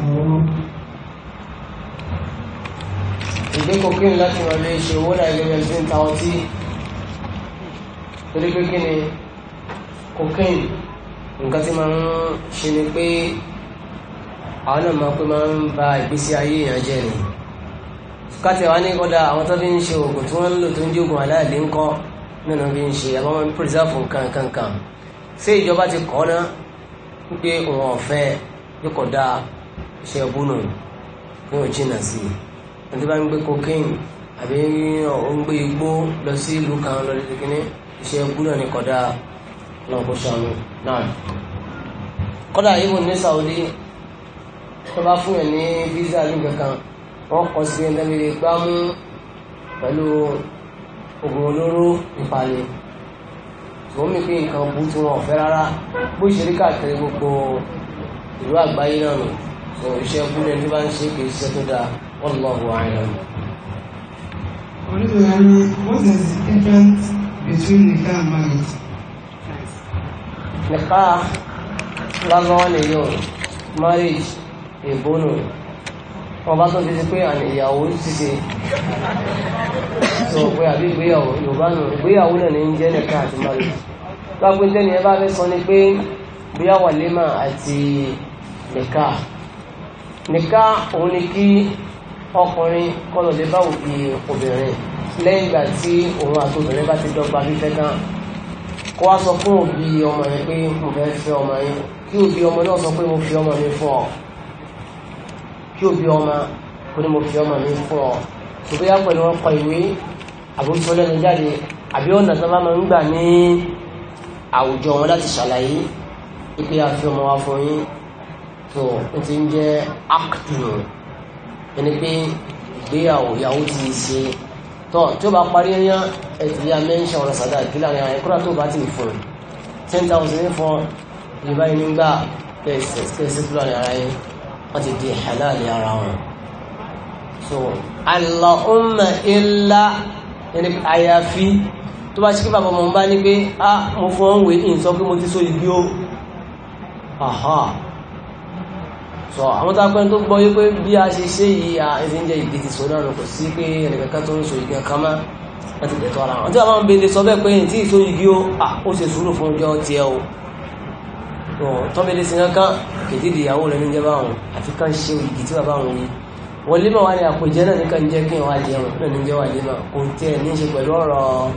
òwúrọ̀. ìgbé kokéènì láti máa lè ṣe owó náà gẹ́gẹ́ ń ta ọtí torí pé kí ni kokéènì nǹkan tí máa ń ṣe ni pé àwọn náà máa pé máa ń ba ìgbésí ayé èèyàn jẹ́ ni káti àwọn aníkọ́dá àwọn tó fi ń ṣe oògùn tí wọ́n ń lò tó ń jógun aláàlé ńkọ́ nínú fi ń ṣe àwọn máa ń pírísàfù nǹkan kankan ṣé ìjọba ti kọ́ náà pé òun ọ̀fẹ́ yóò dá iṣẹ́ búnú ní òjìnà sí i ẹni bá ń gbé cocaine àbí ó ń gbé igbó lọ sí ìlú kan lọ lórí kíní iṣẹ́ búnú ní kódà náà kó sọnù náà. kódà yìí ní Saudi tó bá fún yẹn ní visa níbi kan wọ́n kọ́ sí ẹni tẹ́lẹ̀ gbámú pẹ̀lú oògùn olóró ìpalẹ̀ tó ń mi pé nǹkan bú tí wọn ọ̀fẹ́ rárá bó ṣe rí káàkiri gbogbo ìlú àgbáyé náà nù tó iṣẹ́ bú lẹ́nu bá ń ṣe kì í ṣe tó dáa wọ́n lọ́ bọ̀ àyìn náà. what is the difference between nikah and marriage. nikah lálọ́ nìyó marriage èbónú. E ọba tó ti di pé ìyàwó ti di sọ *coughs* pé àbí ìgbéyàwó yorùbá nù ìgbéyàwó náà ní jẹ́ nìkan àti mari gbàgbé tẹ́ni ẹ bá fẹ́ sọ ni pé ìgbéyàwó lema àti nìka nìka òun ni kí ọkùnrin kọlọ̀ lè bá obìnrin lẹ́yìn ìgbà tí òun àti obìnrin bá ti dọ́gba fífẹ́ tán kó wá sọ fún òbí ọmọ rẹ pé mo fẹ́ fẹ́ ọmọ yẹn kí òbí ọmọ náà sọ pé mo fi ọmọ mi fún ọ kí òbí ọmọ kó ní mo fi ọmọ mi fún ọ tó bóyá pẹ̀lú wọn kọ ìwé àbójútó lẹ́nu jáde àbí ọ̀nà tó bá máa ń gbà ní àwùjọ wọn láti ṣàlàyé ipe àfi ọmọ wa fún yín tó n ti ń jẹ́ acting ẹni pé ìgbéyàwó ìyàwó ti ṣe tọ́ tí ó bá parí yán ẹ̀tì yá mẹ́ńṣẹ́ ọ̀rọ̀ sàdá ìpínlẹ̀ àwọn ẹ̀kúrà tó bá ti fún ten thousand fún ìbáyìí nígbà kẹsẹ̀ kẹsẹ̀ tó lọ́rin ara yẹn wọ́n ti di halali ara wọn so Allahumma illa ẹni àyàfi tó bá ṣe kí bàbá mọ̀ bá ní pé a mo fọ́ ń wé ìsọ pé mo ti so ìgbí ó àhá so àwọn tó apẹ́ tó gbọ́ yí pé bí a ṣe ṣe yìí a ẹ̀sìn jẹ́ ìgbé ti so náà nù kò sí pé ẹnìkankan tó ń so ìgbé kan mọ́ wọ́n ti dẹ̀tọ́ ara wọn tí a máa ń bèèrè sọ bẹ́ẹ̀ pé ìtì ìsọ ìgbí ó ó ṣe sùúrù fún ọjọ́ tiẹ̀ o so tọ́bẹ̀lẹ̀ sí kankan kèdìdì ìyàwó rẹ̀ níjẹ́ bá wọn àti kan ṣe ìdí tí bàbá wọn yìí wọ́n lé màá wá ní àpòjẹ́ náà nìkan jẹ́ kí wọ́n jẹun náà níjẹ́ wà lé náà kò tẹ́ ní ṣe pẹ̀lú ọ̀rọ̀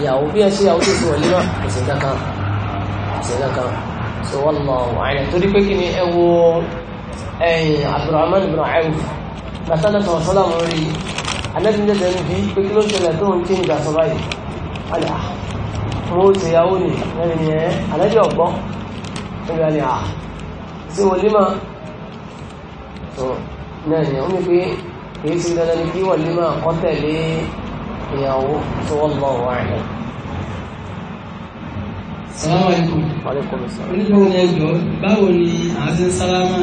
ìyàwó bí ẹ ìyàwó tó fi wọlé náà kò sí kankan kò sí kankan so wọ́n lọ wáyé torí pé kí ni ẹ wo ẹyìn Abdurrahman ibn Awf bàtàlẹ̀ tó sọ́lá mọ́ rí anẹ́bíńdẹ́sẹ̀ ń bí pé kí ló ṣẹlẹ̀ tó ń tí ń gbà sọ báyìí ah, mo ti yàwó ni ẹni ẹ alẹ́bí nígbà ní à tí wọ́n lé máa tó náà ni ó ní pé èyí ti dandan ni kí wọ́n lé máa kọ́ tẹ̀lé ìyàwó tó wọ́n lọ wọ́n rẹ̀. sàlámàlíkùn onígbòhùn ẹjọ́ báwo ni àwọn ti ń sálámà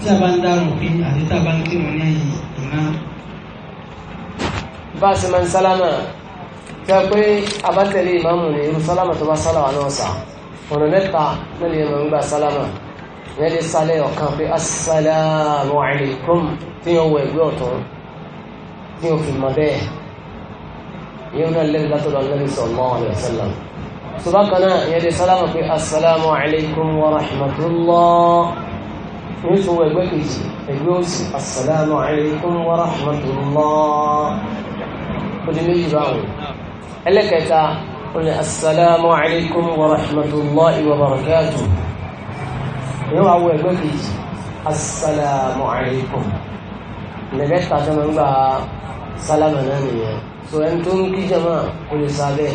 tí a bá ń dárùn pé àti tá a bá ń kírun ní ẹ̀yìn ìmá. bá a ṣe máa ń sálámà tí a pé a ìmáàmù ní irú sálámà tó bá sálà wà náà sàn ọ̀nà mẹ́ta mẹ́lẹ̀ yẹn máa ń gba sálámà yẹn lè sálẹ̀ ọ̀kan pé asálàmù àìlèkùn tí yẹn wọ ẹgbẹ́ ọ̀tún tí yẹn fi mọ bẹ́ẹ̀ yẹn náà lẹ́nu látọ̀dọ̀ lẹ́nu sallallahu alaihi wasallam sọ́bákan náà yẹn lè sálámà pé asálàmù àìlèkùn wa rahmatullah yẹn sọ ẹgbẹ́ kejì ẹgbẹ́ òsì asálàmù àìlèkùn wa rahmatullah ẹlẹ́kẹta قل السلام عليكم ورحمة الله وبركاته يو أول مكيج السلام عليكم نجد تاجم أنبا سلام نانية سو أنتم كي جماعة قل سابه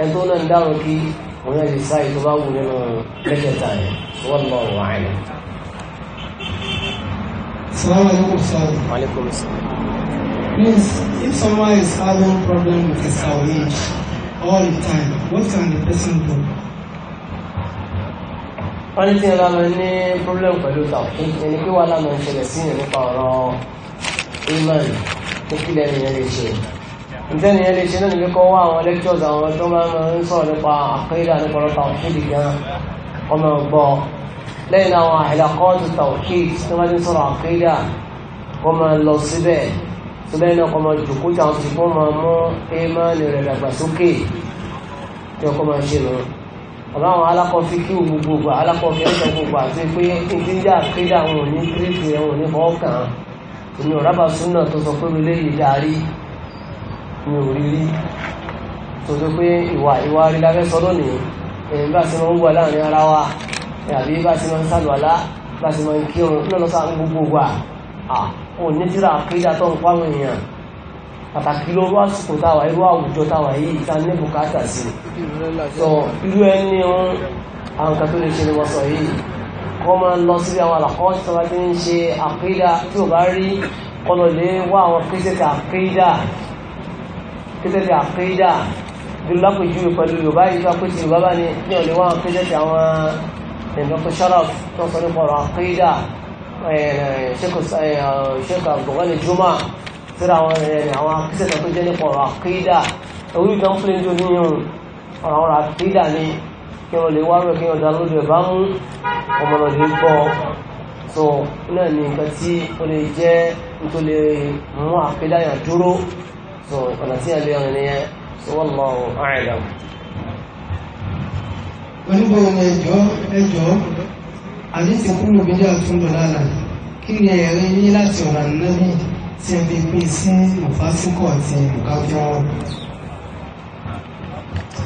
أنتون أنداو كي ونا جسائي تباو لنا نجتاني والله أعلم السلام عليكم السلام عليكم السلام Please, if someone is having problem with his salvation, all the time what can the person do. wọ́n ní tí ìlànà máa ní problem pẹ̀lú tàwọn ẹni pé wàhálà máa ń ṣẹlẹ̀ sí ìyẹn nípa ọ̀rọ̀ iman ní kílẹ̀ nìyẹn lè ṣe ǹjẹ́ nìyẹn lè ṣe náà níbi kọ́ wá àwọn lectures àwọn tó máa ń sọ̀rọ̀ nípa àkéyìdá nípa ọ̀rọ̀ tàwọn fúdì gan ọmọ ọgbọ́n lẹ́yìn àwọn àìlàkọ́ọ̀tù tàwọn kéèkì tó máa ń sọ̀rọ̀ àkéyìdá wọ́n máa lọ síbẹ̀ tó bẹ́ẹ̀ náà kọ́ máa jòkó jà ọ́n ti fọ́ máa mú émánì rẹ̀ dàgbàsókè tí ọkọ̀ máa ṣe lọ. àbá àwọn alákọ̀ fi kí gbogbo gbà alákọ̀ fi ẹ̀ṣẹ̀ gbogbo àti pé ìdíjà kéda àwọn òní kírìtì ẹ̀wọ̀n òní kọ́ kàn án èmi ò rábà súnà tó sọ pé ilé yìí darí mi ò rí rí tó sọ pé ìwà ìwà rí la fẹ́ sọ lónìí èmi bá ti máa ń wà láàrin ara wa àbí bá ti máa ń sálùwàlá bá àwọn onítìrà àkídà tó ń pàwọn èèyàn pàtàkì ló wá sùkò táwà irú àwùjọ táwà yìí ìta ní bùkátà sí sọ irú ẹni ohun àwọn kan tó lè ṣe ni wọ́n sọ yìí kọ́ máa ń lọ sí àwọn àlàkọ́ tí wọ́n ti ń ṣe àkídà tí ò bá rí kọlọ̀ lé wá àwọn ṣẹ́kọ̀ àbùkọ̀wálé jùmọ̀ síra àwọn akíṣẹ́ta tó jẹ́ nípa ọ̀rọ̀ àkídà orí kan fún ẹjọ́ ní ọ̀rọ̀ àwọn àkídà ni kí wọ́n lè wá rẹ̀ kí wọ́n dá lójú ẹ̀bá mú ọmọ náà so náà ni nǹkan tí ó lè jẹ́ tó lè so ọ̀nà tí a lè so wallahu a'lam. onígbòyìn ẹjọ́ ẹjọ́ àdìsí kúlù bídíà tún lọ lálà kí ni ẹ̀rí yín láti ọ̀nà nábì tí ẹ fi pín sí mùfásíkọ̀ àti mùkájọ́wọ́.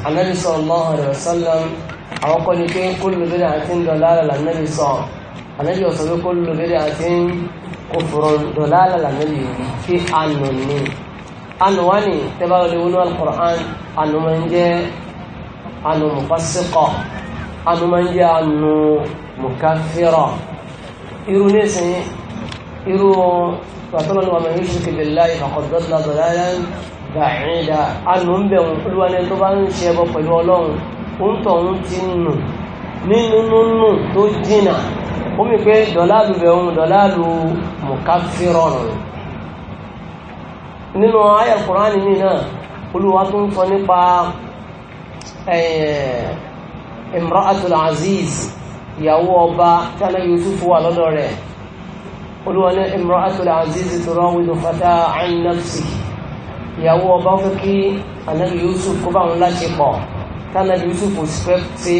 Ànábì sallallahu alaihi wasallam àwọn kọ́ ni pé kúlù bídíà àti ń lọ lálà lànàbì sọ ànábì ọ̀sán pé kúlù bídíà àti ń kòfòrò lọ lálà lànàbì fi ànà ni ànà wá ní tẹ́bà lórí wọnú al-Qur'an máa ń jẹ́ ànà mùfásíkọ̀ ànà máa ń jẹ́ ànà mùkàfírà irú nísìnyí irú pàtàkì wọn mẹ́rin ṣùkì bèlá ìfàkọ̀dọ́dọ́ lọ́dọ̀lá bàìdà anù ń bẹ̀rùn olúwaní tó bá ń ṣe ẹbọ pẹ̀lú ọlọ́run ó ń tọ̀ ń ti nù nínú nínú tó jìnà ó mi pé dọ̀láàlù bẹ̀rùn dọ̀láàlù mùkàfírà rẹ̀ nínú àyà kùránì mi náà olúwa tó ń sọ nípa imra'atul aziz ìyàwó ọba tánà Yusuf wà lọ́dọ̀ rẹ̀ olúwọlé imra'atul aziz turawidu fata an nafsi ìyàwó ọba fẹ́ kí anabi Yusuf kó bá wọn láti pọ̀ tánà Yusuf fẹ́ pé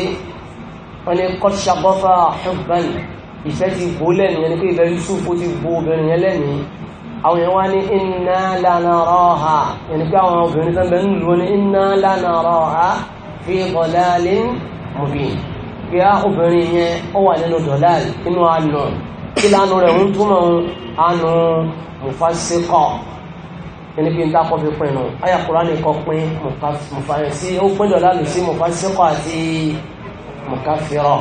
wọn ni qad shaghafa hubban ìfẹ́ ti bò lẹ́nu yẹn ni pé ìfẹ́ Yusuf ti bò obìnrin yẹn lẹ́nu àwọn yẹn wá ní inna lanaraha yẹn ni pé àwọn obìnrin tó ń bẹ nílùú ní inna lanaraha fi dhalalin mubin pé á ah, obìnrin yẹn ó wà nínú dọ̀láì nínú àánú kí lánú rẹ̀ ń túmọ̀ àánú mùfásíkọ̀ ẹni pé ń dákọ̀ fi pin nù àyà Kùránì kọ́ pin mùfásí ó pín dọ̀láì sí mùfásíkọ̀ àti mùkáfírọ̀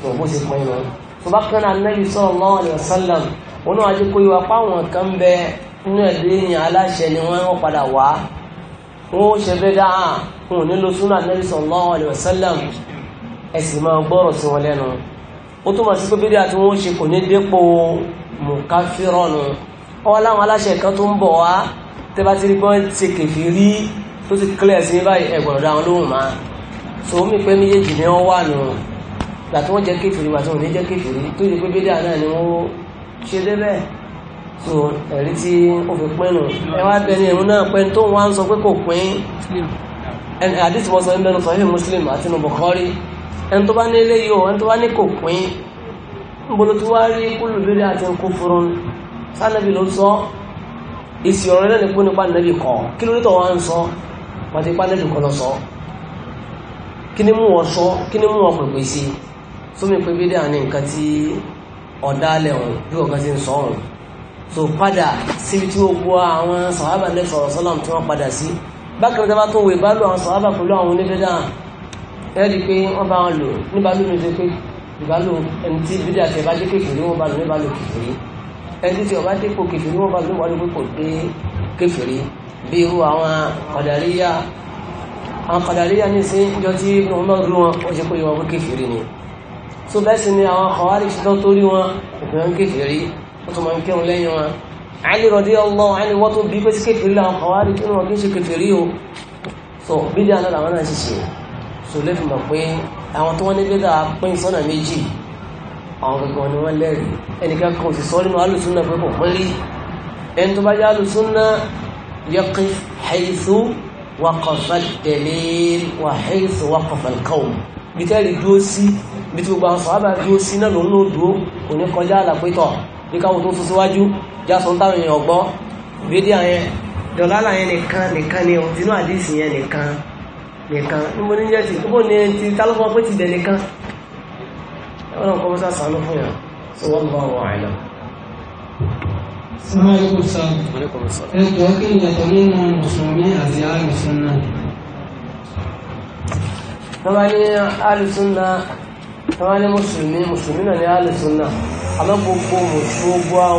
tó bó ṣe pin nù. tó bá kan Ànábì sallallahu alaihi wasallam wọn náà wájú pé wọ́n pàwọn kan bẹ nínú ẹ̀dẹ́ aláṣẹ ni wọ́n padà wá wọ́n ṣe bẹ́ẹ̀ dáhà wọn ò súnà Ànábì sallallahu alaihi wasallam ẹ sì máa gbọ́rọ̀ sí wọn lẹ́nu ó túmọ̀ sí pé bíbí àti wọn ó ṣe kò ní dépò mùkáfírọ́nù ọwọ́ láwọn aláṣẹ kan tó ń bọ̀ wá tẹ́ bá ti rí bọ́n ṣe kèfì rí tó ti clear sí báyìí ẹ̀gbọ̀n ọ̀dà wọn lóhùn máa so omi pé méjèèjì ni wọ́n wà nù gbà tí wọ́n jẹ́ kèfìrí gbà tí wọ́n ní jẹ́ kèfìrí tó yẹ pé bíbí àná ni wọ́n ṣe débẹ̀ so ẹ̀rí tí ó fi pín nù ẹ wá bẹni ẹ̀rún náà pẹ́ tó wọ́n á sọ pé kò pín àdìsí wọn sọ ń bẹnu sọ ẹni tó bá ní ilé yóò ẹni tó bá ní kò pín níbolo tí wá rí kúlùbírí àti nkú furun sánàbí ló sọ èsì ọ̀rọ̀ náà ní kó nípa nàbì kọ kí ló tó wá ń sọ wọ́n ti pa nàbì kọ lọ sọ kí ni mú wọn sọ kí ni mú wọn pèpè sí sómi pé bídí àní nǹkan tí ọ̀dálẹ̀ ọ̀hún bí ọ̀kan ti ń sọ ọ̀hún tó padà síbi tí ó gbọ́ àwọn sàhábà lẹ́sọ̀rọ̀ tí wọ́n padà sí bákan tí tó wè bá lù àwọn sàhábà pẹ̀lú àwọn oníbẹ̀dá ẹ̀rí pé wọ́n bá wọn lò níbà ló ń ṣe pé níbà ló ẹni tí bídí àti ẹ̀bá jẹ́ kéfì ní wọ́n bá lò níbà lò kéfì rí ẹni tí ọba dépò kéfì ní wọ́n bá lò wọ́n lò pé kò dé kéfì rí bí irú àwọn kọ̀dàríyà àwọn kọ̀dàríyà ní sí ìjọ tí wọ́n náà rú wọn ó ṣe pé wọ́n pé ni So bẹ́ẹ̀ sì ni àwọn kọ̀wárí ṣetán tó rí wọn ìpín wọn kéfì rí wọ́n tó máa ń kírun lẹ́yìn wọn Àlí radiyallahu anhu wọ́n tó bí pé sí kéfì so bídí àná làwọn náà ṣiṣẹ́ so lè fi mọ̀ pé àwọn tó wọ́n ní bídà pín sọ́nà méjì àwọn gbogbo ni wọ́n lẹ́rìí ẹnìkan kan sì sọ nínú alùsùnà pé kò pín rí ẹni tó bá jẹ́ alùsùnà yaqif haythu waqafa ad-dalil wa haythu waqafa al-qawm bí tẹ́rì dúó sí bí tí gbogbo àwọn sọ̀rọ̀ dúó sí náà lòun náà dúó kò ní kọjá àlàpétọ̀ bí káwọn tó síwájú já sọ táwọn èèyàn gbọ́ bí dí àyẹn dọ̀lá làyẹn nìkan nìkan ni ò tinú àdìsí yẹn nìkan nìkan ní mo ní jẹ́ ti kúbọ̀ ní ti tálọ́fọ́ pé ti dẹ̀ nìkan ọ̀nà kọ́ mọ́sá sànú fún yàn tó wọ́n bá wọ àìlọ. Sọ́mọ́ ikú sọ, ẹ̀kọ́ kí ni ẹ̀tọ́ nínú Mùsùlùmí àti Alùsùnà? Wọ́n bá ní Alùsùnà, wọ́n bá ní Mùsùlùmí, Mùsùlùmí náà ní Alùsùnà. Àmọ́ gbogbo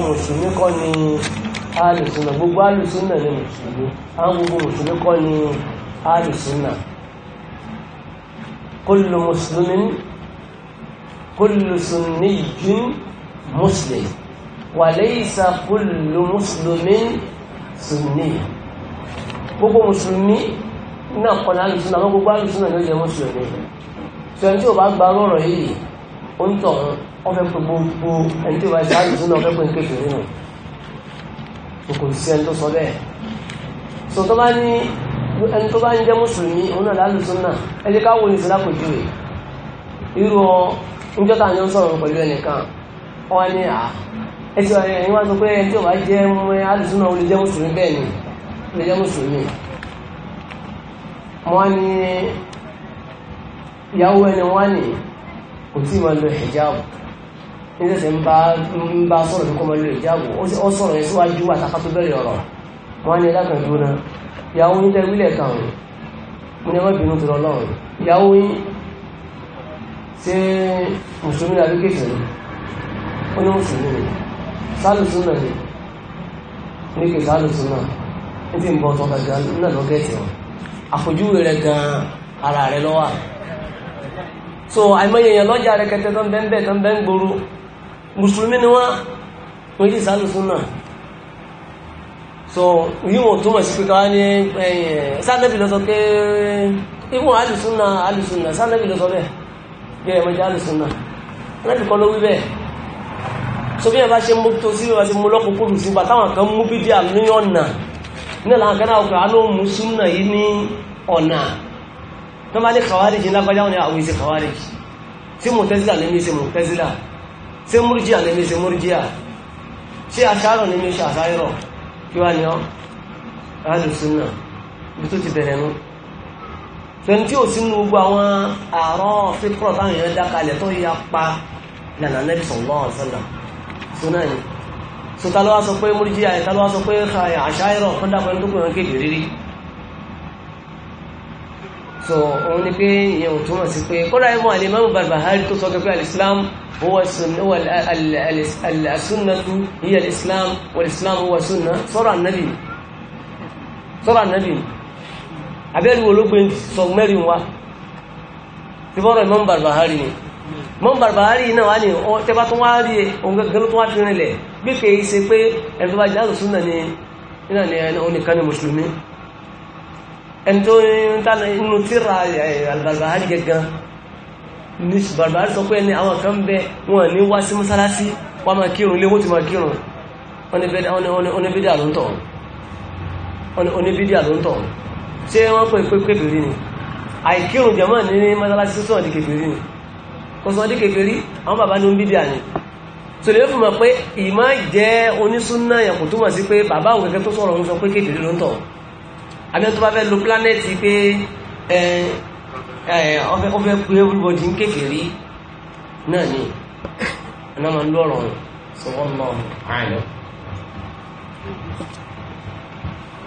Mùsùlùmí kọ́ ni Alùsùnà, gbogbo Alùsùnà ni Mùsùlùmí, àwọn gbogbo Mùsùlùmí kọ́ ni Alùsùnà. كل مسلم كل سني muslim wa laysa kullu muslimin sunni gbogbo mùsùlùmí náà kọ́lá alùsùn náà gbogbo alùsùn náà ló jẹ́ mùsùlùmí ṣe tí o bá gba rọrọ yìí ó ń tọ̀ wọ́n fẹ́ pé gbogbo ẹni tí o bá ṣáájú sínú ọ̀fẹ́ pé nkéfì nínú kò sí ẹni tó sọ bẹ́ẹ̀ so tó bá ní ẹni tó bá ń jẹ́ mùsùlùmí òun náà lálù súnà ẹ jẹ́ ká wo nìsúnà kò ju rẹ̀ irú ọ níjọ́ta ni ó ń sọ̀rọ̀ pẹ̀lú ẹnìkan wọ́n ní à ẹ ti ẹ̀yin wá sọ pé ẹni tí ò bá jẹ́ alùsúnà ó lè jẹ́ mùsùlùmí bẹ́ẹ̀ ni ó lè jẹ́ mùsùlùmí wọ́n ní ìyàwó ẹni wọ́n ní kò tí ì máa lo hijabu nígbà tí ń bá sọ̀rọ̀ ní kó máa lo hijabu ó sọ̀rọ̀ wọ́n ní ẹ̀dákan dúró náà ìyàwó yín tẹ́ wílẹ̀ kan mo ní ẹ má bínú tó lọ́rùn ìyàwó yín ṣé mùsùlùmí ní abíkèsì ni ó ní mùsùlùmí ni sálùsùn náà ni ní kì sálùsùn náà ní ti ń bọ́ tọ́ka gan náà lọ́gẹ́tì ọ̀ àfojúwe rẹ̀ gan ara rẹ̀ lọ́wọ́ so àìmọye èèyàn lọ́jà rẹ̀ kẹtẹ tó ń bẹ́ńbẹ́ tó ń bẹ́ ń gbòòrò mùsùlùmí ni wọ́n wọ́n ti sálùsùn náà so yíwọ̀n túnmọ̀ sí pípa ní ẹ̀yìn sánẹ́bì lọ sọ pé ìwọ̀n alùsùnà alùsùnà sánẹ́bì lọ sọ bẹ́ẹ̀ bí ẹ̀mọ́ jẹ́ alùsùnà sánẹ́bì kọ́ ló wí bẹ́ẹ̀ so bí ẹ bá ṣe mú tó sí bá ṣe mú lọ́kùnkúrù sí bá táwọn kan mú bídí àmúyànnà ní àwọn kan náà kàá ló mú súnà yìí ní ọ̀nà tó bá ní kàwárí jì lágbájá wọn ni àwọn ìṣe kàwárí tí mo lè mi ṣe mo tẹ́sílà tí lè mi ṣe múrjíà tí aṣáárọ̀ lè mi ṣe aṣáárọ̀ kí wá ní ọ alùsùnà ibi tó ti bẹ̀rẹ̀ nu fẹni tí ò sí nu gbogbo àwọn àárọ̀ fíkúrọ̀ táwọn èèyàn dá kalẹ̀ tó yà pa lànà nẹ́bí sallallahu alaihi wasallam súnà ni sọta ló wá sọ pé múrídìí àyè ta ló wá sọ pé àṣà ìrọ̀ kọ́ńdà pẹ̀lú so òun ni pé ìyẹn ò túmọ̀ sí pé kódà ìmọ̀ àlè mọ́mú Barbahari tó sọ pé al-Islam huwa as-sunnatu hiya al-Islam wal-Islam huwa as-sunnah sọ́rọ̀ ànábì sọ́rọ̀ ànábì abẹ́rù olóògbé sọ mẹ́rin wa ti fọ́rọ̀ ìmọ̀ Barbahari ni mọ́ Barbahari náà wà ní tẹ́bá e, tó ẹni tó ń tánà inú tíra eh, eh, albarbahari gẹ̀gan ní barbahari sọ pé ẹni àwọn kan bẹ wọn ní wá sí mọ́sálásí wọ́n máa kírun ilé wọ́n ti máa kírun oníbídíà ló ń tọ̀ oníbídíà ló ń tọ̀ ṣé wọ́n pè pé kébìrì ni àìkírun jẹ̀mọ́ ní mọ́sálásí sọ̀rọ̀ di kébìrì ni kò sọ̀rọ̀ di kébìrì àwọn bàbá ní oníbídíà ni tòlẹ́ fún mi pé ìmá jẹ́ onísúnná yẹn kò túmọ̀ sí pé bàbá òun kẹ́kẹ́ tó sọ̀rọ̀ ń sọ pé kébìrì ló ń tọ̀ àbíọ́ tó bá fẹ́ lo planẹ́ẹ̀tì pé ọfẹ́ ọfẹ́ pé everybody ń kékeré náà ni ọ̀nà máa ń lọ́rọ̀ sọ̀rọ̀ náà àná.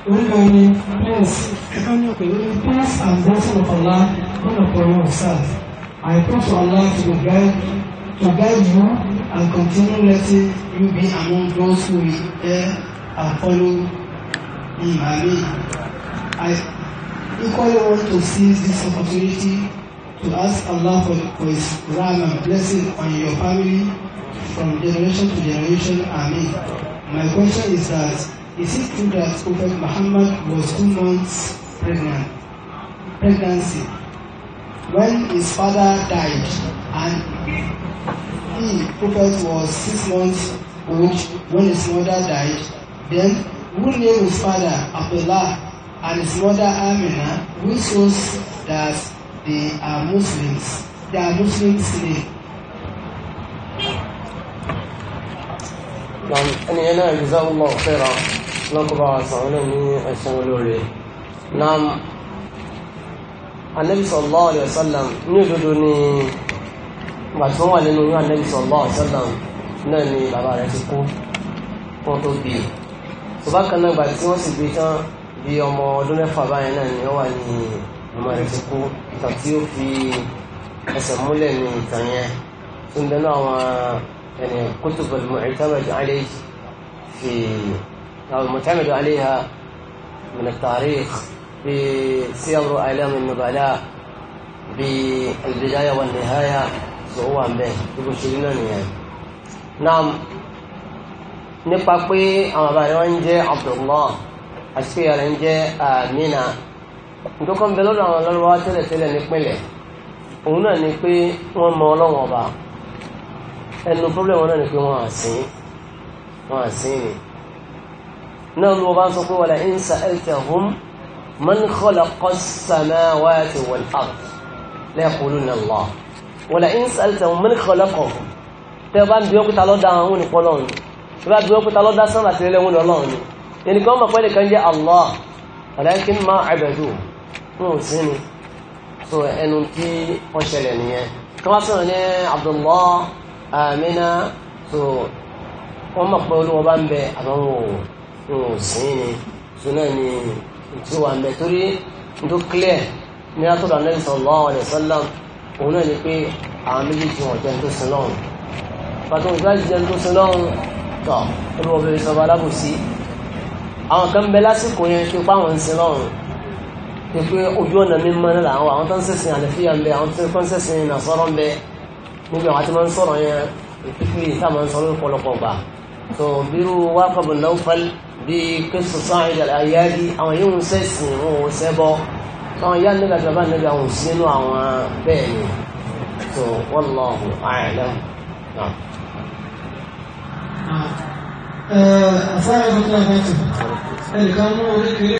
Orílẹ̀-èdè Prince, ẹ̀ka ní ọ̀pẹ̀ lórí Peace and blessing of Allah, God of our own I pray for Allah to guide, to guide you and continue letting you be among those who will hear and follow him. Amen. I equally want to seize this opportunity to ask Allah for, for His rahmah blessing on your family from generation to generation. Amen. My question is that is it true that Prophet Muhammad was two months pregnant pregnancy when his father died and he Prophet was six months old when his mother died? Then who named his father Abdullah and his mother Amina, which shows that they are Muslims. They are Muslims today. ẹni yẹn náà jùzọ́ ọmọ ọ̀fẹ́ra lọ́kọ̀ọ́bá àṣàwọn náà ní ẹ̀sùn olóore náà Ànábì sallallahu alaihi wasallam ní òdodo ní bàtí wọ́n wà nínú ní Ànábì sallallahu alaihi wasallam náà ni bàbá rẹ̀ ti kú wọ́n tó bí i ṣùgbọ́n bí ọmọ ọdún mẹ́fà báyìí náà ni ó wà ní ọmọ rẹ̀ ti kú ìtàn tí ó fi ẹsẹ̀ múlẹ̀ ní ìtàn yẹn tó ń dẹnu àwọn ẹni kutub al-mu'tamad alayh fi al-mu'tamad alayha min at-tarikh bi siyar a'lam an-nubala bi al-bidaya wan-nihaya tó wà ń bẹ gbogbo ìṣèlú náà nìyẹn. náà nípa pé àwọn àbáyọ ń jẹ́ Abdullah. àṣìṣe rẹ̀ ń jẹ́ àmìnà ìdókòó ń bẹ lọ́dọ̀ àwọn ọlọ́rọ̀wá tẹ́lẹ̀tẹ́lẹ̀ nípìnlẹ̀ òun náà ni pé wọ́n mọ ọlọ́run ọba ẹnu problem wọn náà ni pé wọ́n àsìn wọ́n àsìn ni náà ló bá ń sọ pé wala in sa'altahum man khalaqa as-samawati wal-ard la yaquluna Allah wala in sa'altahum man khalaqahum tẹ́ ń bí ọkùta lọ́dọ̀ àwọn òun tẹ́ bá ń bí ọkùta lọ́dọ̀ sánà tẹ́lẹ̀ yẹn nìkan mọ̀ pẹ́lẹ̀ kan jẹ́ Allah ọ̀lẹ́kí má àbẹ̀dù wọn sí ni so ẹnu tí wọ́n ṣẹlẹ̀ nìyẹn kí wọ́n sọ̀rọ̀ ní Abdullah Amina so wọ́n mọ̀ pé olúwọ́ bá ń bẹ àwọn wọn ò sí ni so náà ni tí wọ́n bẹ torí tó clear ní látọ̀dọ̀ Ànábì sallallahu alaihi òun náà ni pé àwọn méjèèjì wọn jẹ́ tó sin lọ́run pàtó ìgbà àwọn kan bẹ lásìkò yẹn kí pa àwọn ń sin lọ́run kí pé ojú ọ̀nà mi mọ́ nílà àwọn àwọn tó ń sẹ̀sìn àlẹ́fíà ń bẹ àwọn tó ń sẹ̀sìn nàṣọ́rọ́ ń bẹ níbi àwọn àti máa ń sọ̀rọ̀ yẹn ìpínpín yìí táwọn máa ń sọ̀rọ̀ lọ́pọ̀lọpọ̀ gbà tó bírú wákàbọ̀ náà fẹ́lẹ́ bí kristu sáà ìdàlẹ̀ ayáàdì àwọn yóò ń sẹ̀sìn wọn ò فاعل متابعته يعني كانوا